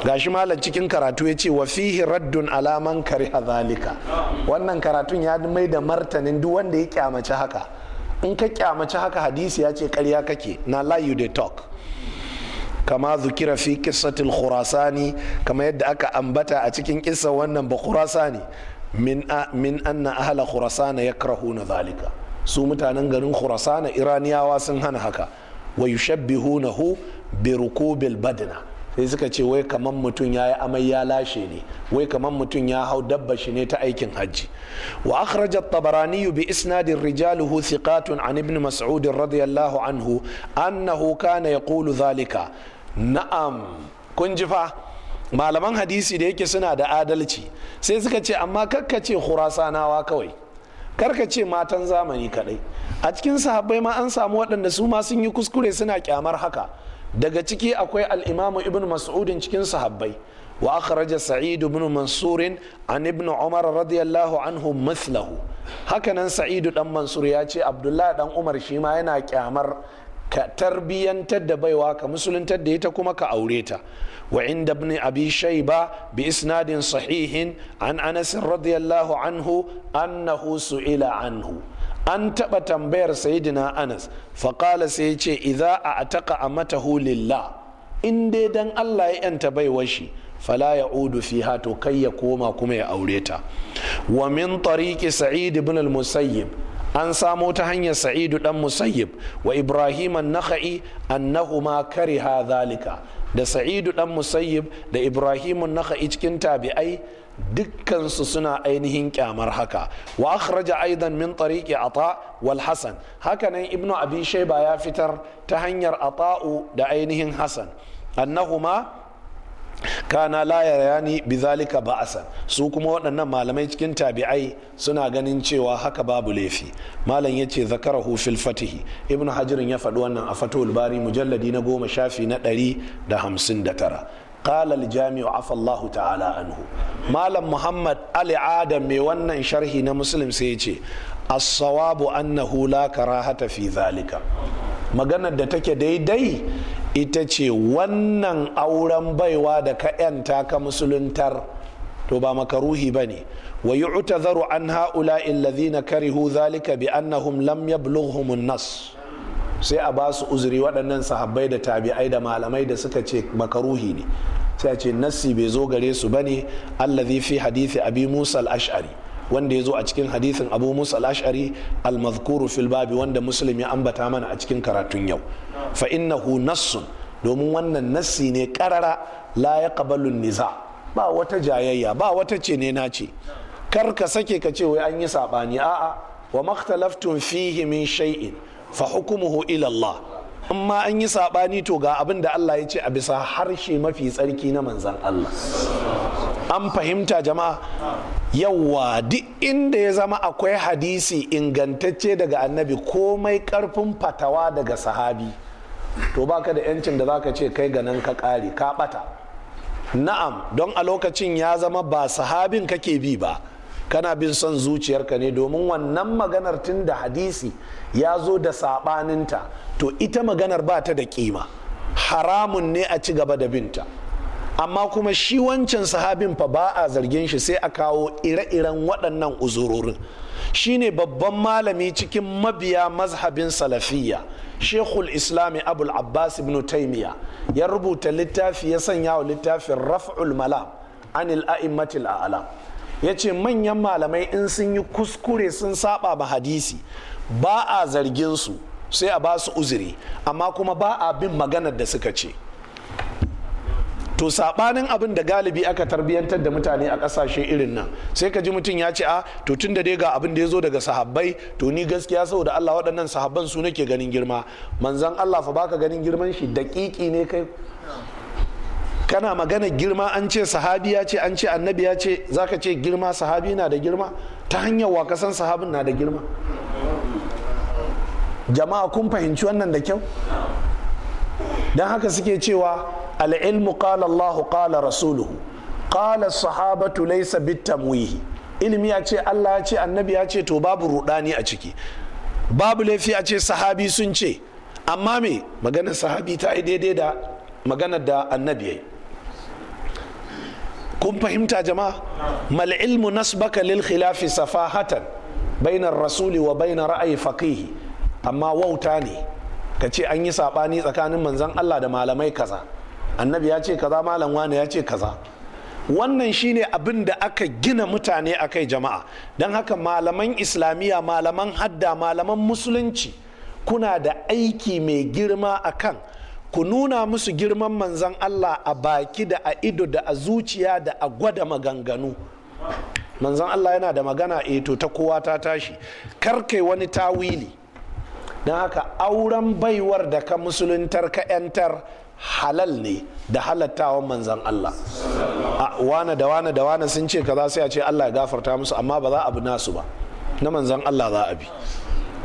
gashi malam cikin karatu ya ce wa fihi raddun alaman kare zalika wannan karatun ya mai da martanin duk wanda ya kyamaci haka in ka kyamaci haka hadisi ya ce karya kake na layu you talk kama zukira fi kissatil khurasani kama yadda aka ambata a cikin kisa wannan ba khurasani min min anna ya khurasana na zalika su mutanen garin khurasana iraniyawa sun hana haka wa yushabbihunahu bi rukubil badna sai suka ce wai kamar mutum ya yi amai ya lashe ne wai kamar mutum ya hau dabba shi ne ta aikin hajji wa akhraja tabarani bi isnadin rijaluhu thiqatun an ibn mas'ud radiyallahu anhu annahu kana yaqulu zalika na'am kun ji fa malaman hadisi da yake suna da adalci sai suka ce amma kakkace khurasanawa kawai karka ce matan zamani kadai a cikin sahabbai ma an samu waɗanda su ma sun yi kuskure suna kyamar haka daga ciki akwai al-imamu ibn mas'udin cikin sahabbai wa akhraja sa'id ibn mansur an ibn umar radiyallahu anhu mithlahu hakanan sa'id dan mansur ya ce abdullah dan umar shi ma yana kyamar ka tarbiyantar da baiwa ka musuluntar da ita kuma ka aure ta wa inda ibn abi shayba bi isnadin sahihin an anas radiyallahu anhu annahu su'ila anhu an taɓa tambayar sayidina anas faƙala sai ya ce idza a ataka a mata lillah in dai dan allah ya yanta baiwar shi fala ya udu fiha to kai ya koma kuma ya aure ta wa min tariqi sa'id ibn al-musayyib an samo ta hanyar sa'idu dan musayyib wa ibrahim an-nakhai annahuma kariha zalika da sa'idu dan musayyib da ibrahim an-nakhai cikin tabi'ai dukkansu suna ainihin kyamar haka wa akhraja aidan min tariqi ata wal hasan hakanan ibnu abi shayba ya fitar ta hanyar ata'u da ainihin hasan annahuma kana la zalika bizalika ba'asan su kuma waɗannan malamai cikin tabi'ai suna ganin cewa haka babu laifi malam yace zakarahu fil fatihi ibnu hajirin ya faɗi wannan a fatul bari mujalladi na goma shafi na ɗari da hamsin da tara qala al-jami'u afa Allahu ta'ala anhu malam muhammad ali adam mai wannan sharhi na muslim sai ya ce as-sawabu annahu la karahata fi zalika maganar da take daidai ita ce wannan auren baiwa da ka 'yanta ka musuluntar to ba makaruhi ba ne wa yi an ha'ula illazina karihu zalika bi annahum lam yablughum nas sai a ba su uzuri waɗannan sahabbai da tabi'ai da malamai da suka ce makaruhi ne sai a ce nassi bai zo gare su bane allazi fi hadithi abi musa al-ash'ari wanda ya zo a cikin hadithin abu musa al-ash'ari al-mazkuru fil babi wanda muslim ya ambata mana a cikin karatun yau fa innahu nassun domin wannan nassi ne karara la yaqbalu niza ba wata jayayya ba wata ce ne na ce kar ka sake ka ce wai an yi sabani a'a wa makhtalaftum fihi min shay'in fa hukumuhu ila Allah amma an yi sabani to ga abin da Allah ya ce a bisa harshe mafi tsarki na manzan Allah an fahimta jama'a yawwa duk inda ya zama akwai hadisi ingantacce daga annabi komai karfin fatawa daga sahabi to baka da yancin da zaka ce kai ga nan ka kare ka bata na'am don a lokacin ya zama ba sahabin kake bi ba kana bin son zuciyarka ne domin wannan maganar tun da hadisi ya zo da saɓaninta to ita maganar ba ta da kima haramun ne a ci gaba da binta amma kuma shi wancan sahabin fa ba a zargin shi sai a kawo ire-iren waɗannan uzurorin shine babban malami cikin mabiya mazhabin salafiyya shekul islami abul abbas ibn taimiya ya rubuta littafi ya sanya wa littafin raf'ul malam anil a'immatil a'lam ya ce manyan malamai in sun yi kuskure sun saba ba hadisi ba a zargin su sai a ba su uzuri amma kuma ba a bin maganar da suka ce to sabanin abin da galibi aka tarbiyantar da mutane a kasashe irin nan sai ka ji mutum ya ce a ah, to tun da dai ga abin da ya zo daga sahabbai to ni gaskiya saboda Allah waɗannan sahabban su nake ganin girma manzan Allah fa baka ganin girman shi daƙiƙi ne kai kana magana girma an ce sahabi ya ce an ce annabi ya ce zaka ce girma sahabi na da girma ta hanyar wakasan sahabin na da girma jama'a kun fahimci wannan da kyau don haka suke cewa al'ilmu qala Allah qala rasuluhu qala sahabatu laysa bitamwihi ilimi ya ce Allah ya ce annabi ya ce to babu rudani a ciki babu laifi a ce sahabi sun ce amma me magana sahabi ta yi daidai da maganar da annabi ya yi kun fahimta jama'a mal ilmu nasbaka lil khilafi safahatan bainar rasuli wa bainar ra'ayi faqihi amma wauta ne ka ce an yi sabani tsakanin manzon Allah da malamai kaza annabi ya ce kaza malam wani ya ce kaza wannan shine abin da aka gina mutane a kai jama'a don haka malaman islamiyya malaman hadda malaman musulunci kuna da aiki mai girma akan. ku nuna musu girman manzan Allah a baki da a ido da a zuciya da a gwada maganganu manzan Allah yana da magana eto eh ta kowa ta tashi karke wani tawili don haka auren baiwar da ka musuluntar ka 'yantar halal ne da halattawan manzan Allah a wane da wane da wane sun ce kaza su ya ce Allah ya gafarta musu amma ba za a bi nasu ba na manzan Allah za a bi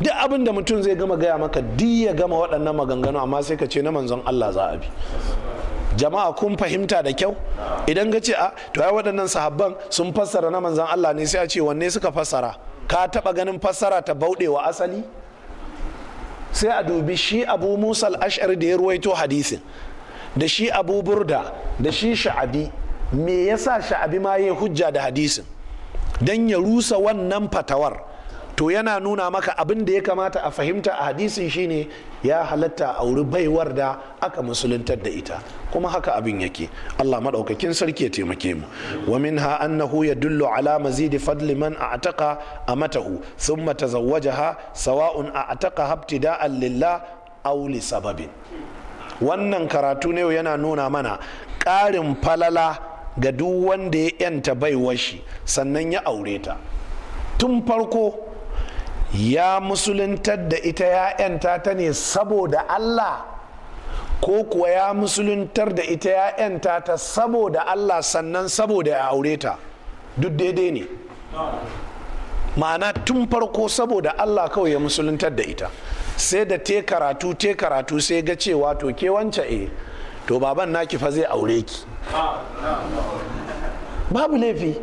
duk abin da mutum zai gama gaya maka duk ya gama waɗannan maganganu amma sai ka ce na manzon Allah za a bi jama'a kun fahimta da kyau idan ka ce a ah, to ai waɗannan sahabban sun fassara na manzon Allah ne sai a ce wanne suka fassara ka taɓa ganin fassara ta bauɗewa asali sai a dubi shi abu musa al-ash'ari da ya ruwaito hadisin da shi abu burda da shi sha'abi me yasa sha'abi ma ya hujja da hadisin dan ya rusa wannan fatawar to yana nuna maka abin da ya kamata a fahimta a hadisin shine ya halatta a wuri baiwar da aka musuluntar da ita kuma haka abin yake Allah madaukakin sarki ya taimake mu wa minha annahu yadullu ala mazidi fadli man a'taqa amatahu thumma tazawwajaha sawa'un a'taqa ibtida'an lillah aw li sababin wannan karatu ne yana nuna mana ƙarin falala ga duk wanda ya yanta baiwar shi sannan ya aure ta tun farko ya musuluntar da ita ya'yanta ta ne saboda Allah ko kuwa ya musuluntar da ita ya'yanta ta saboda Allah sannan saboda ya aure ta duk daidai ne ma'ana tun farko saboda Allah kawai ya musuluntar da ita sai da te karatu te karatu sai ga cewa to ke wance e to baban naki fa zai aure ki ah, ah. babu laifi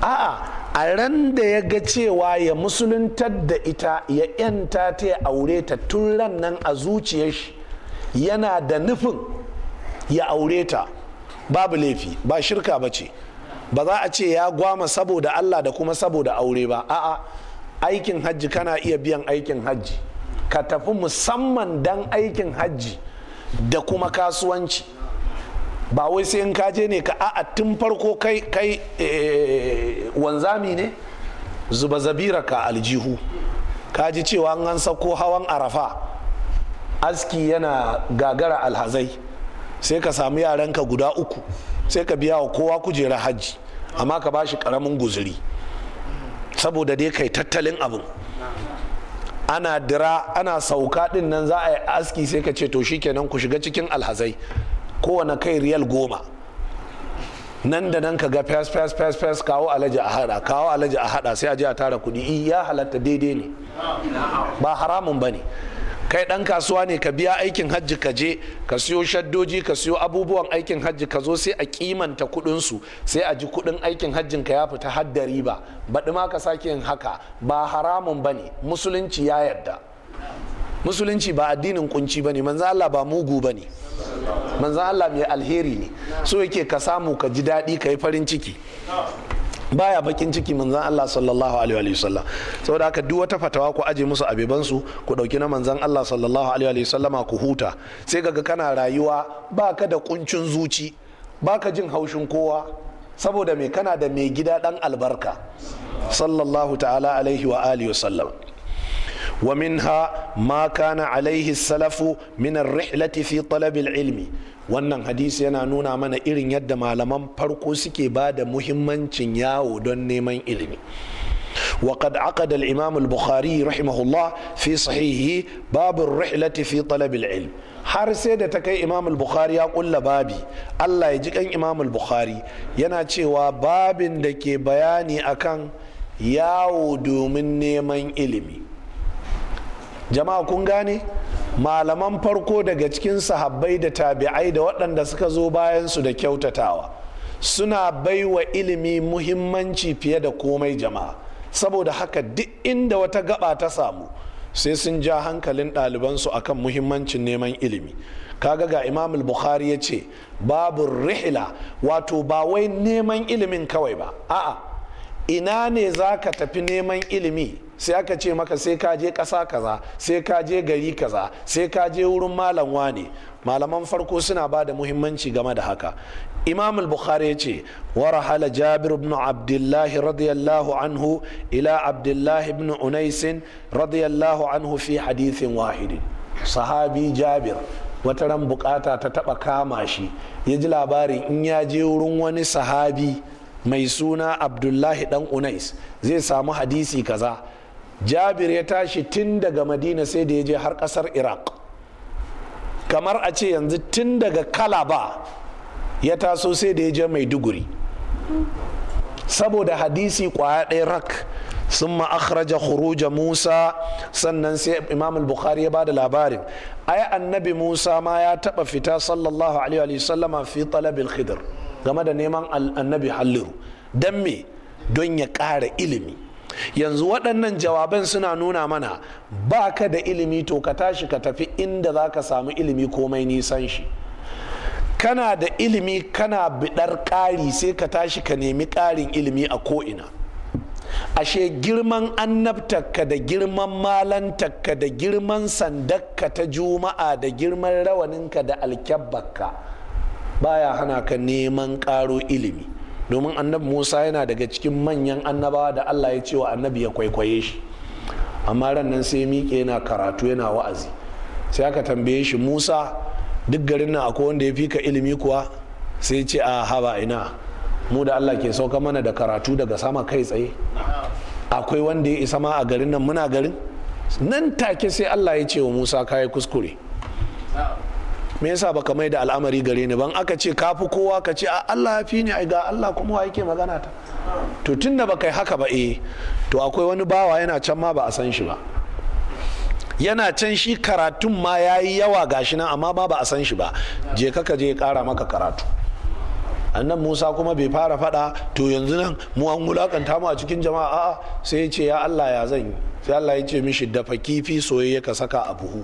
a'a a ran da ya ga cewa ya musuluntar da ita ya yanta ta ya aure ta tun ran nan a zuciyar shi yana da nufin ya aure ta babu laifi ba shirka ba ce ba za a ce ya gwama saboda Allah da kuma saboda aure ba a'a aikin hajji kana iya biyan aikin hajji ka tafi musamman dan aikin hajji da kuma kasuwanci ba wai sai in kaje ne ka a tun farko kai kai eh, wanzami ne zuba zabira ka aljihu kaji cewa an sako hawan arafa aski yana gagara alhazai sai ka samu yaranka guda uku sai ka biya wa kowa kujera hajji amma ka bashi karamin guzuri saboda dai kai tattalin abin ana dira ana sauka din nan za a yi aski sai ka ce to shikenan ku shiga cikin alhazai kowane kai riyal goma nan da nan ka ga fes fes fes fes kawo alaji a hada kawo alaji a hada sai a je a tara kudi ya halatta daidai ne ba haramun ba ne kai dan kasuwa ne ka biya aikin hajji ka je ka siyo shaddoji ka siyo abubuwan aikin hajji ka zo sai a kimanta kudin su sai a ji kudin aikin hajjin ka ya fita har da riba baɗi ma ka sake yin haka ba haramun ba ne musulunci ya yarda musulunci ba addinin kunci bane manzo Allah ba mugu bane manzo Allah mai alheri ne so yake ka samu ka ji daɗi ka yi farin ciki baya bakin ciki manzan Allah sallallahu alaihi sallam saboda haka duk wata fatawa ku aje musu abeban su ku dauki na manzan Allah sallallahu alaihi sallam ku huta sai kaga kana rayuwa baka da kuncin zuci baka jin haushin kowa saboda me kana da mai gida dan albarka sallallahu ta'ala alaihi wa alihi sallam. wa minha ma kana alaihi salafu min rihlati fi talabil ilmi wannan hadisi yana nuna mana irin yadda malaman farko suke ba da muhimmancin yawo don neman ilimi وقد عقد الإمام البخاري رحمه الله في صحيحه باب الرحلة في طلب العلم har sai da ta kai imam bukhari ya kulla babi allah ya ji kan imam bukhari yana cewa babin da ke bayani akan yawo domin neman ilimi jama'a kun gane malaman farko daga cikin sahabbai da tabi'ai da waɗanda suka zo bayansu da kyautatawa suna baiwa ilimi muhimmanci fiye da komai jama'a saboda haka duk inda wata gaba ta samu sai sun ja hankalin ɗalibansu akan muhimmancin neman ilimi kaga ga imam bukhari ya ce babu rihila wato ba wai neman ilimin kawai ba a'a ina ne za ka tafi neman ilimi sai aka ce maka sai ka je ƙasa kaza sai ka je gari kaza sai ka je wurin malam wane malaman farko suna ba da muhimmanci game da haka imam al-bukhari ya ce warahala jabir ibn Abdullahi radiyallahu anhu ila Abdullahi ibn unaisin radiyallahu anhu fi hadithin wahidin sahabi jabir wata ran bukata ta taba kama shi ya ji labarin in ya je wurin wani sahabi mai suna abdullahi dan unais zai samu hadisi kaza jabir ya tashi tun daga madina sai da ya je har kasar iraq kamar a ce yanzu tun daga kalaba ya taso sai da ya je maiduguri saboda hadisi kwaya ɗaya rak sun akhraja khuruja musa sannan sai imam bukhari ya bada labarin ai annabi musa ma ya taba fita sallallahu alaihi wa sallama fi talabil khidr game da neman annabi halliru don me don ya ƙara ilimi yanzu waɗannan jawaban suna nuna mana ba ka da ilimi to ka tashi ka tafi inda za ka samu ilimi komai nisan shi kana da ilimi kana biɗar ƙari sai ka tashi ka nemi ƙarin ilimi a ko'ina ashe girman annabtakka da girman malantakka da girman sandakka ta juma'a da girman rawaninka da alkyabbakka baya hana ka neman ƙaro ilimi domin annabi musa yana daga cikin manyan annabawa da allah ya ce wa annabi ya kwaikwaye shi amma ran nan sai miƙe yana karatu yana wa'azi sai aka tambaye shi musa duk garin nan akwai wanda ya fi ka ilimi kuwa sai ce a haba ina mu da allah ke sauka mana da karatu daga sama kai tsaye akwai wanda ya isa ma a garin nan muna garin nan take sai allah ya ce wa musa kayi kuskure me yasa baka mai da al'amari gare ni ban aka ce kafi kowa ka ce Allah ya fi ni ai ga Allah kuma wa yake magana ta to tunda baka yi haka ba eh to akwai wani bawa yana can ma ba a san shi ba yana can shi karatun ma ya yi yawa gashi nan amma ba ba a san shi ba je ka je kara maka karatu annan musa kuma bai fara fada to yanzu nan mu an wulakanta mu a cikin jama'a a'a sai ya ce ya allah ya zan yi sai allah ya ce mishi dafa kifi soyayya ka saka a buhu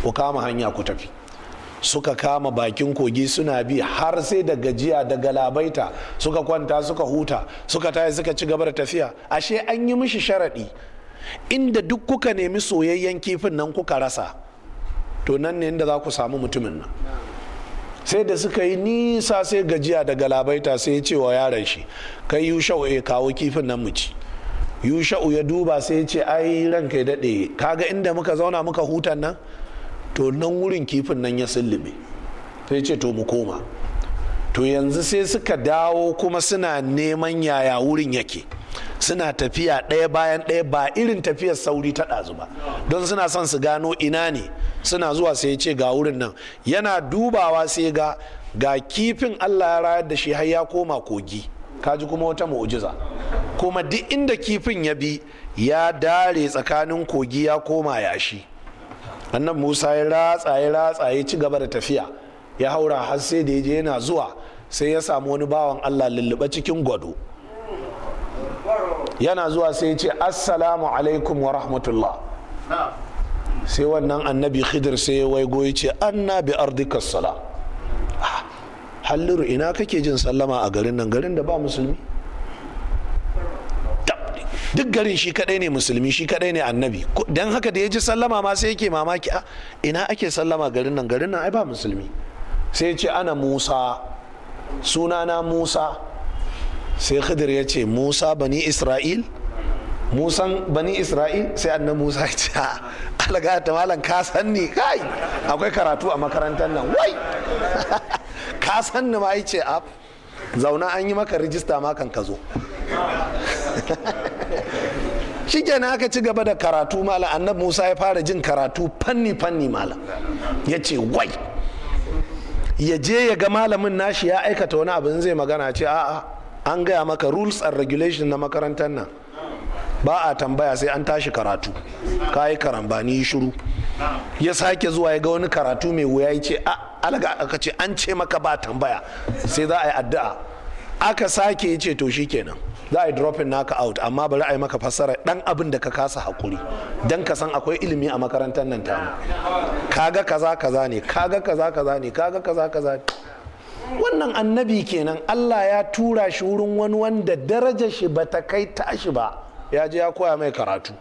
ku kama hanya ku tafi suka kama bakin kogi suna bi har sai da gajiya da galabaita suka kwanta suka huta suka taya suka ci gaba da tafiya ashe an yi mishi sharaɗi inda duk kuka nemi soyayyen kifin nan kuka rasa to nan ne inda za ku samu mutumin nan sai da suka yi nisa sai gajiya da galabaita sai ya ce wa yaron shi kai yi sha'u ya eh, kawo kifin nan mu ci sha'u ya duba sai ya ce ai ranka ya daɗe kaga inda muka zauna muka hutan nan to nan wurin kifin nan ya sullube sai ce to mu koma to yanzu sai suka dawo kuma suna neman yaya wurin yake suna tafiya ɗaya bayan ɗaya ba irin tafiyar sauri ta ɗazu ba don suna son su gano ina ne suna zuwa sai ya ce ga wurin nan yana dubawa sai ga ga kifin allah ya rayar da shi har ya koma kogi kaji kuma wata mu'ujiza kuma duk inda kifin ya bi ya dare tsakanin kogi ya koma yashi annan musa ya ratsa ya ratsa ya ci gaba da tafiya ya haura har sai da ya je yana zuwa sai ya samu wani bawan allah lullube cikin gwado yana zuwa sai ya ce assalamu alaikum wa rahmatullah sai wannan annabi khidir sai ya waigo ya ce annabi ardika sala ah, halliru ina kake jin sallama a garin nan garin da ba musulmi duk garin shi kadai ne musulmi shi kadai ne annabi dan haka da ya ji sallama ma sai yake mamaki a ah, ina ake sallama garin nan garin nan ai ba musulmi sai ya ce ana musa sunana musa sai khidir ya ce musa bani isra'il musan bani isra'il sai annan musa ya ce ah, alaga ta malam ka san ni kai akwai karatu a makarantar nan wai [laughs] ka san ni ma ya ce ah, zauna an yi maka rijista ma kan ka zo [laughs] na aka ci gaba da karatu malam annabi musa ya fara jin karatu fanni fanni malam ya ce wai ya je ya ga malamin nashi ya aikata wani abin zai magana ce a'a an gaya maka rules and regulations na makarantar nan ba a tambaya sai an tashi karatu ka yi karambani shiru ya sake zuwa ya ga wani karatu mai wuya ya ce alaga aka ce an ce maka ba tambaya sai za a yi addu'a aka sake ya ce to shikenan kenan za a yi dropping naka out amma bari a yi maka fassara dan abin da ka kasa hakuri dan ka san akwai ilimi a makarantar nan ta kaga kaza kaza ne kaga kaza kaza ne kaga kaza kaza wannan annabi kenan Allah ya tura shi wurin wani wanda darajar shi bata kai tashi ba ya je ya koya mai karatu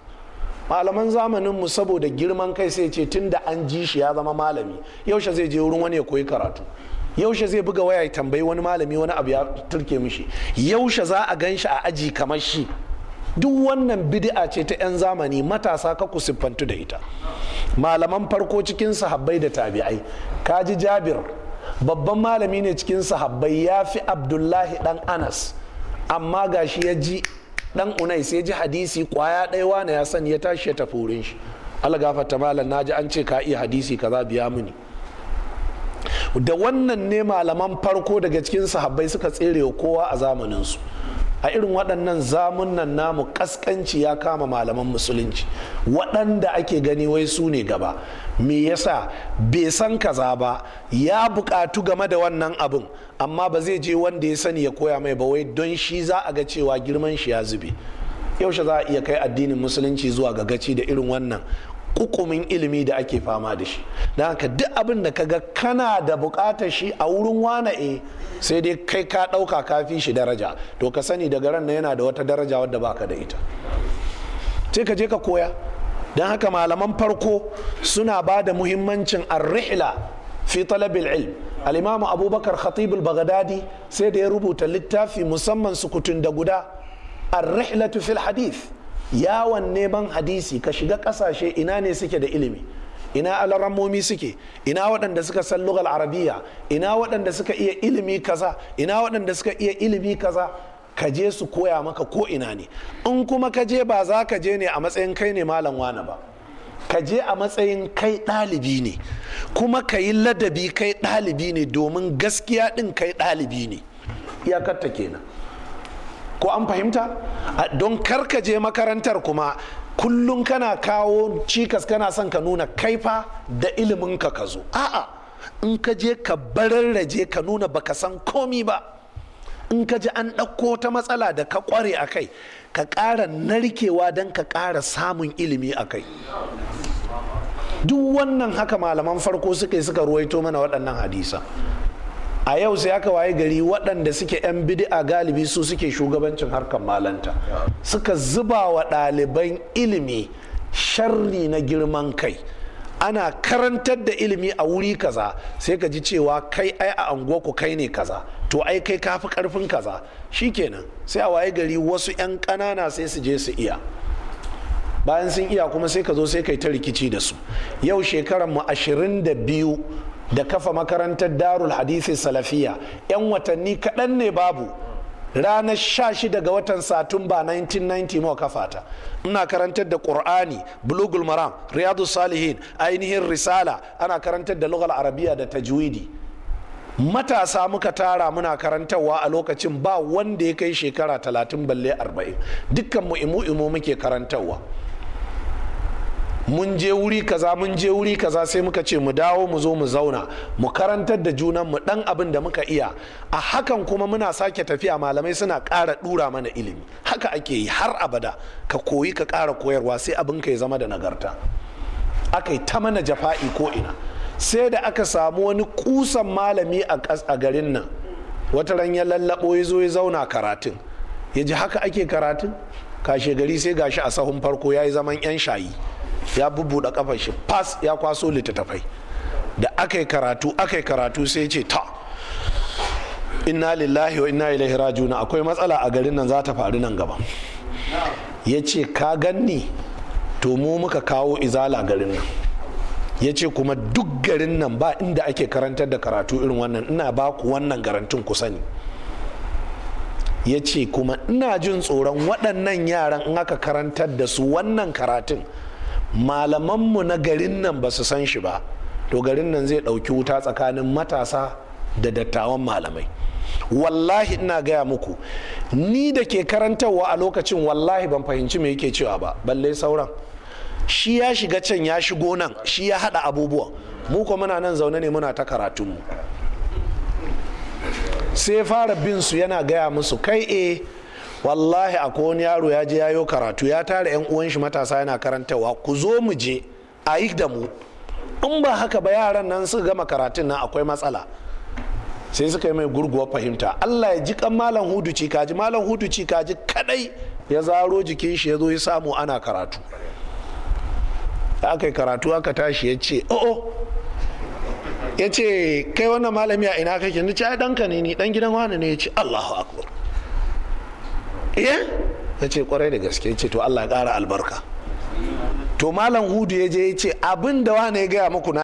malaman zamanin mu saboda girman kai sai ce tunda an ji shi ya zama malami yaushe zai je wurin wani ya koyi karatu yaushe zai buga waya ya tambayi wani malami wani abu ya turke mishi yaushe za a gan shi a aji kamar shi duk wannan bid'a ce ta 'yan zamani matasa ka ku siffantu da ita malaman farko cikin sahabbai da tabi'ai kaji jabir babban malami ne cikin sahabbai ya fi abdullahi dan anas amma gashi ya ji dan unais ya ji hadisi kwaya ɗaya na ya sani ya tashi ya tafi wurin shi algafata malam na ji an ce ka iya hadisi kaza biya mini da wannan ne malaman farko daga cikin sahabbai suka tsere kowa a zamaninsu a irin waɗannan zamunan namu ƙasƙanci ya kama malaman musulunci waɗanda ake gani wai su ne gaba me yasa bai san kaza ba ya buƙatu game da wannan abin amma ba zai je wanda ya sani ya koya mai ba wai don shi za a ga cewa girman shi ya zube yaushe za a iya kai addinin musulunci zuwa ga gaci da irin wannan kukumin ilimi da ake fama da shi don haka duk abin da kaga kana da bukatar shi a wurin wane e sai dai kai ka ɗauka kafi shi daraja to ka sani daga ran yana da wata daraja wadda baka da ita sai ka je ka koya don haka malaman farko suna ba da muhimmancin arrihla fi talabil ilm alimamu abubakar khatibul bagadadi sai da ya rubuta littafi musamman sukutun da guda rihlatu fil hadith yawon neman hadisi ka shiga kasashe ina ne suke da ilimi ina alaramomi suke ina waɗanda suka san lugal arabiya ina waɗanda suka iya ilimi kaza ina waɗanda suka iya ilimi kaza ka je su koya maka ko ina ne in kuma ka je ba za ka je ne a matsayin kai ne malam wane ba ka je a matsayin kai ɗalibi ne kuma ka yi ladabi kai ɗalibi ne domin gaskiya ɗin kai ɗalibi ne ta kenan ko an fahimta don je makarantar kuma kullum kana kawo cikas kana son ka nuna kaifa da ilimin ka zo a'a in ka je ka bararraje ka nuna baka san komi ba in ka ji an ɗauko ta matsala da ka kware a kai ka ƙara narkewa don ka ƙara samun ilimi a kai duk wannan haka malaman farko suka yi suka ruwaito mana waɗannan hadisa a yau sai aka waye gari waɗanda suke 'yan bid'a galibi su suke shugabancin harkar malanta suka zuba wa ɗaliban ilimi sharri na girman kai ana karantar da ilimi a wuri kaza sai ka ji cewa kai ai a ku kai ne kaza to ai kai kafi karfin kaza shi shikenan sai a waye gari wasu 'yan ƙanana sai su je su iya bayan sun iya kuma sai ka zo sai kai ta rikici da su yau shekaranmu mu 22 da kafa makarantar darul hadisi salafiya 'yan watanni kaɗan ne babu ranar sha 16 ga watan satumba 1990 mawa ta. ina karantar da qur'ani bulugul maram riyadu salihin ainihin risala ana karantar da lugal arabiya da tajwidi matasa muka tara muna karantarwa a lokacin ba wanda ya kai shekara 30 balle 40 dukkan mu imu imu muke karantarwa mun je wuri kaza mun je wuri kaza sai muka ce mu dawo mu zo mu zauna mu karantar da junan mu dan abin da muka iya a hakan kuma muna sake tafiya malamai suna ƙara dura mana ilimi haka ake yi har abada ka koyi ka ƙara koyarwa sai abin ka ya zama da nagarta aka yi ta mana jafa'i ko ina sai da aka samu wani kusan malami a garin nan wata ran ya lallabo ya zo ya zauna karatun ya ji haka ake karatun kashe gari sai gashi a sahun farko ya yi zaman yan shayi ya bubbuɗe kafar shi fas ya kwaso littattafai da aka yi karatu aka yi karatu sai ce ta inna lillahi wa inna ilaihi rajiun akwai matsala a garin nan za ta faru nan gaba ya ce ka ganni to mu muka kawo izala garin nan ya ce kuma duk garin nan ba inda ake karantar da karatu irin wannan ina ba ku wannan garantin ku sani ya ce kuma ina jin tsoron waɗannan yaran in aka karantar da su wannan karatun malamanmu na garin nan ba su san shi ba to garin nan zai ɗauki wuta tsakanin matasa da dattawan malamai wallahi ina gaya muku ni da ke karantarwa a lokacin wallahi ban fahimci me yake cewa ba balle sauran shi ya shiga can ya shigo nan shi ya haɗa abubuwan mu ko muna nan zaune ne muna ta karatunmu sai fara bin su yana gaya musu kai e wallahi a wani yaro ya je yayo karatu ya tara yan uwan shi matasa yana karantawa ku zo mu je a yi da mu in ba haka ba yaran nan suka gama karatun nan akwai matsala sai suka yi mai gurguwa fahimta allah ya ji kan malam hudu ci kaji malam hudu ci kaji kadai ya zaro jikin shi ya zo ya samu ana karatu aka yi karatu aka tashi ya ce o'o oh, oh. ya ce kai wannan malami a ina kake ni ce ai danka ne ni dan gidan wani ne ya ce allahu akbar iya eh? na ce kwarai da gaske ce to allah kara albarka to malam hudu ya je ya ce abin da wane ya gaya muku na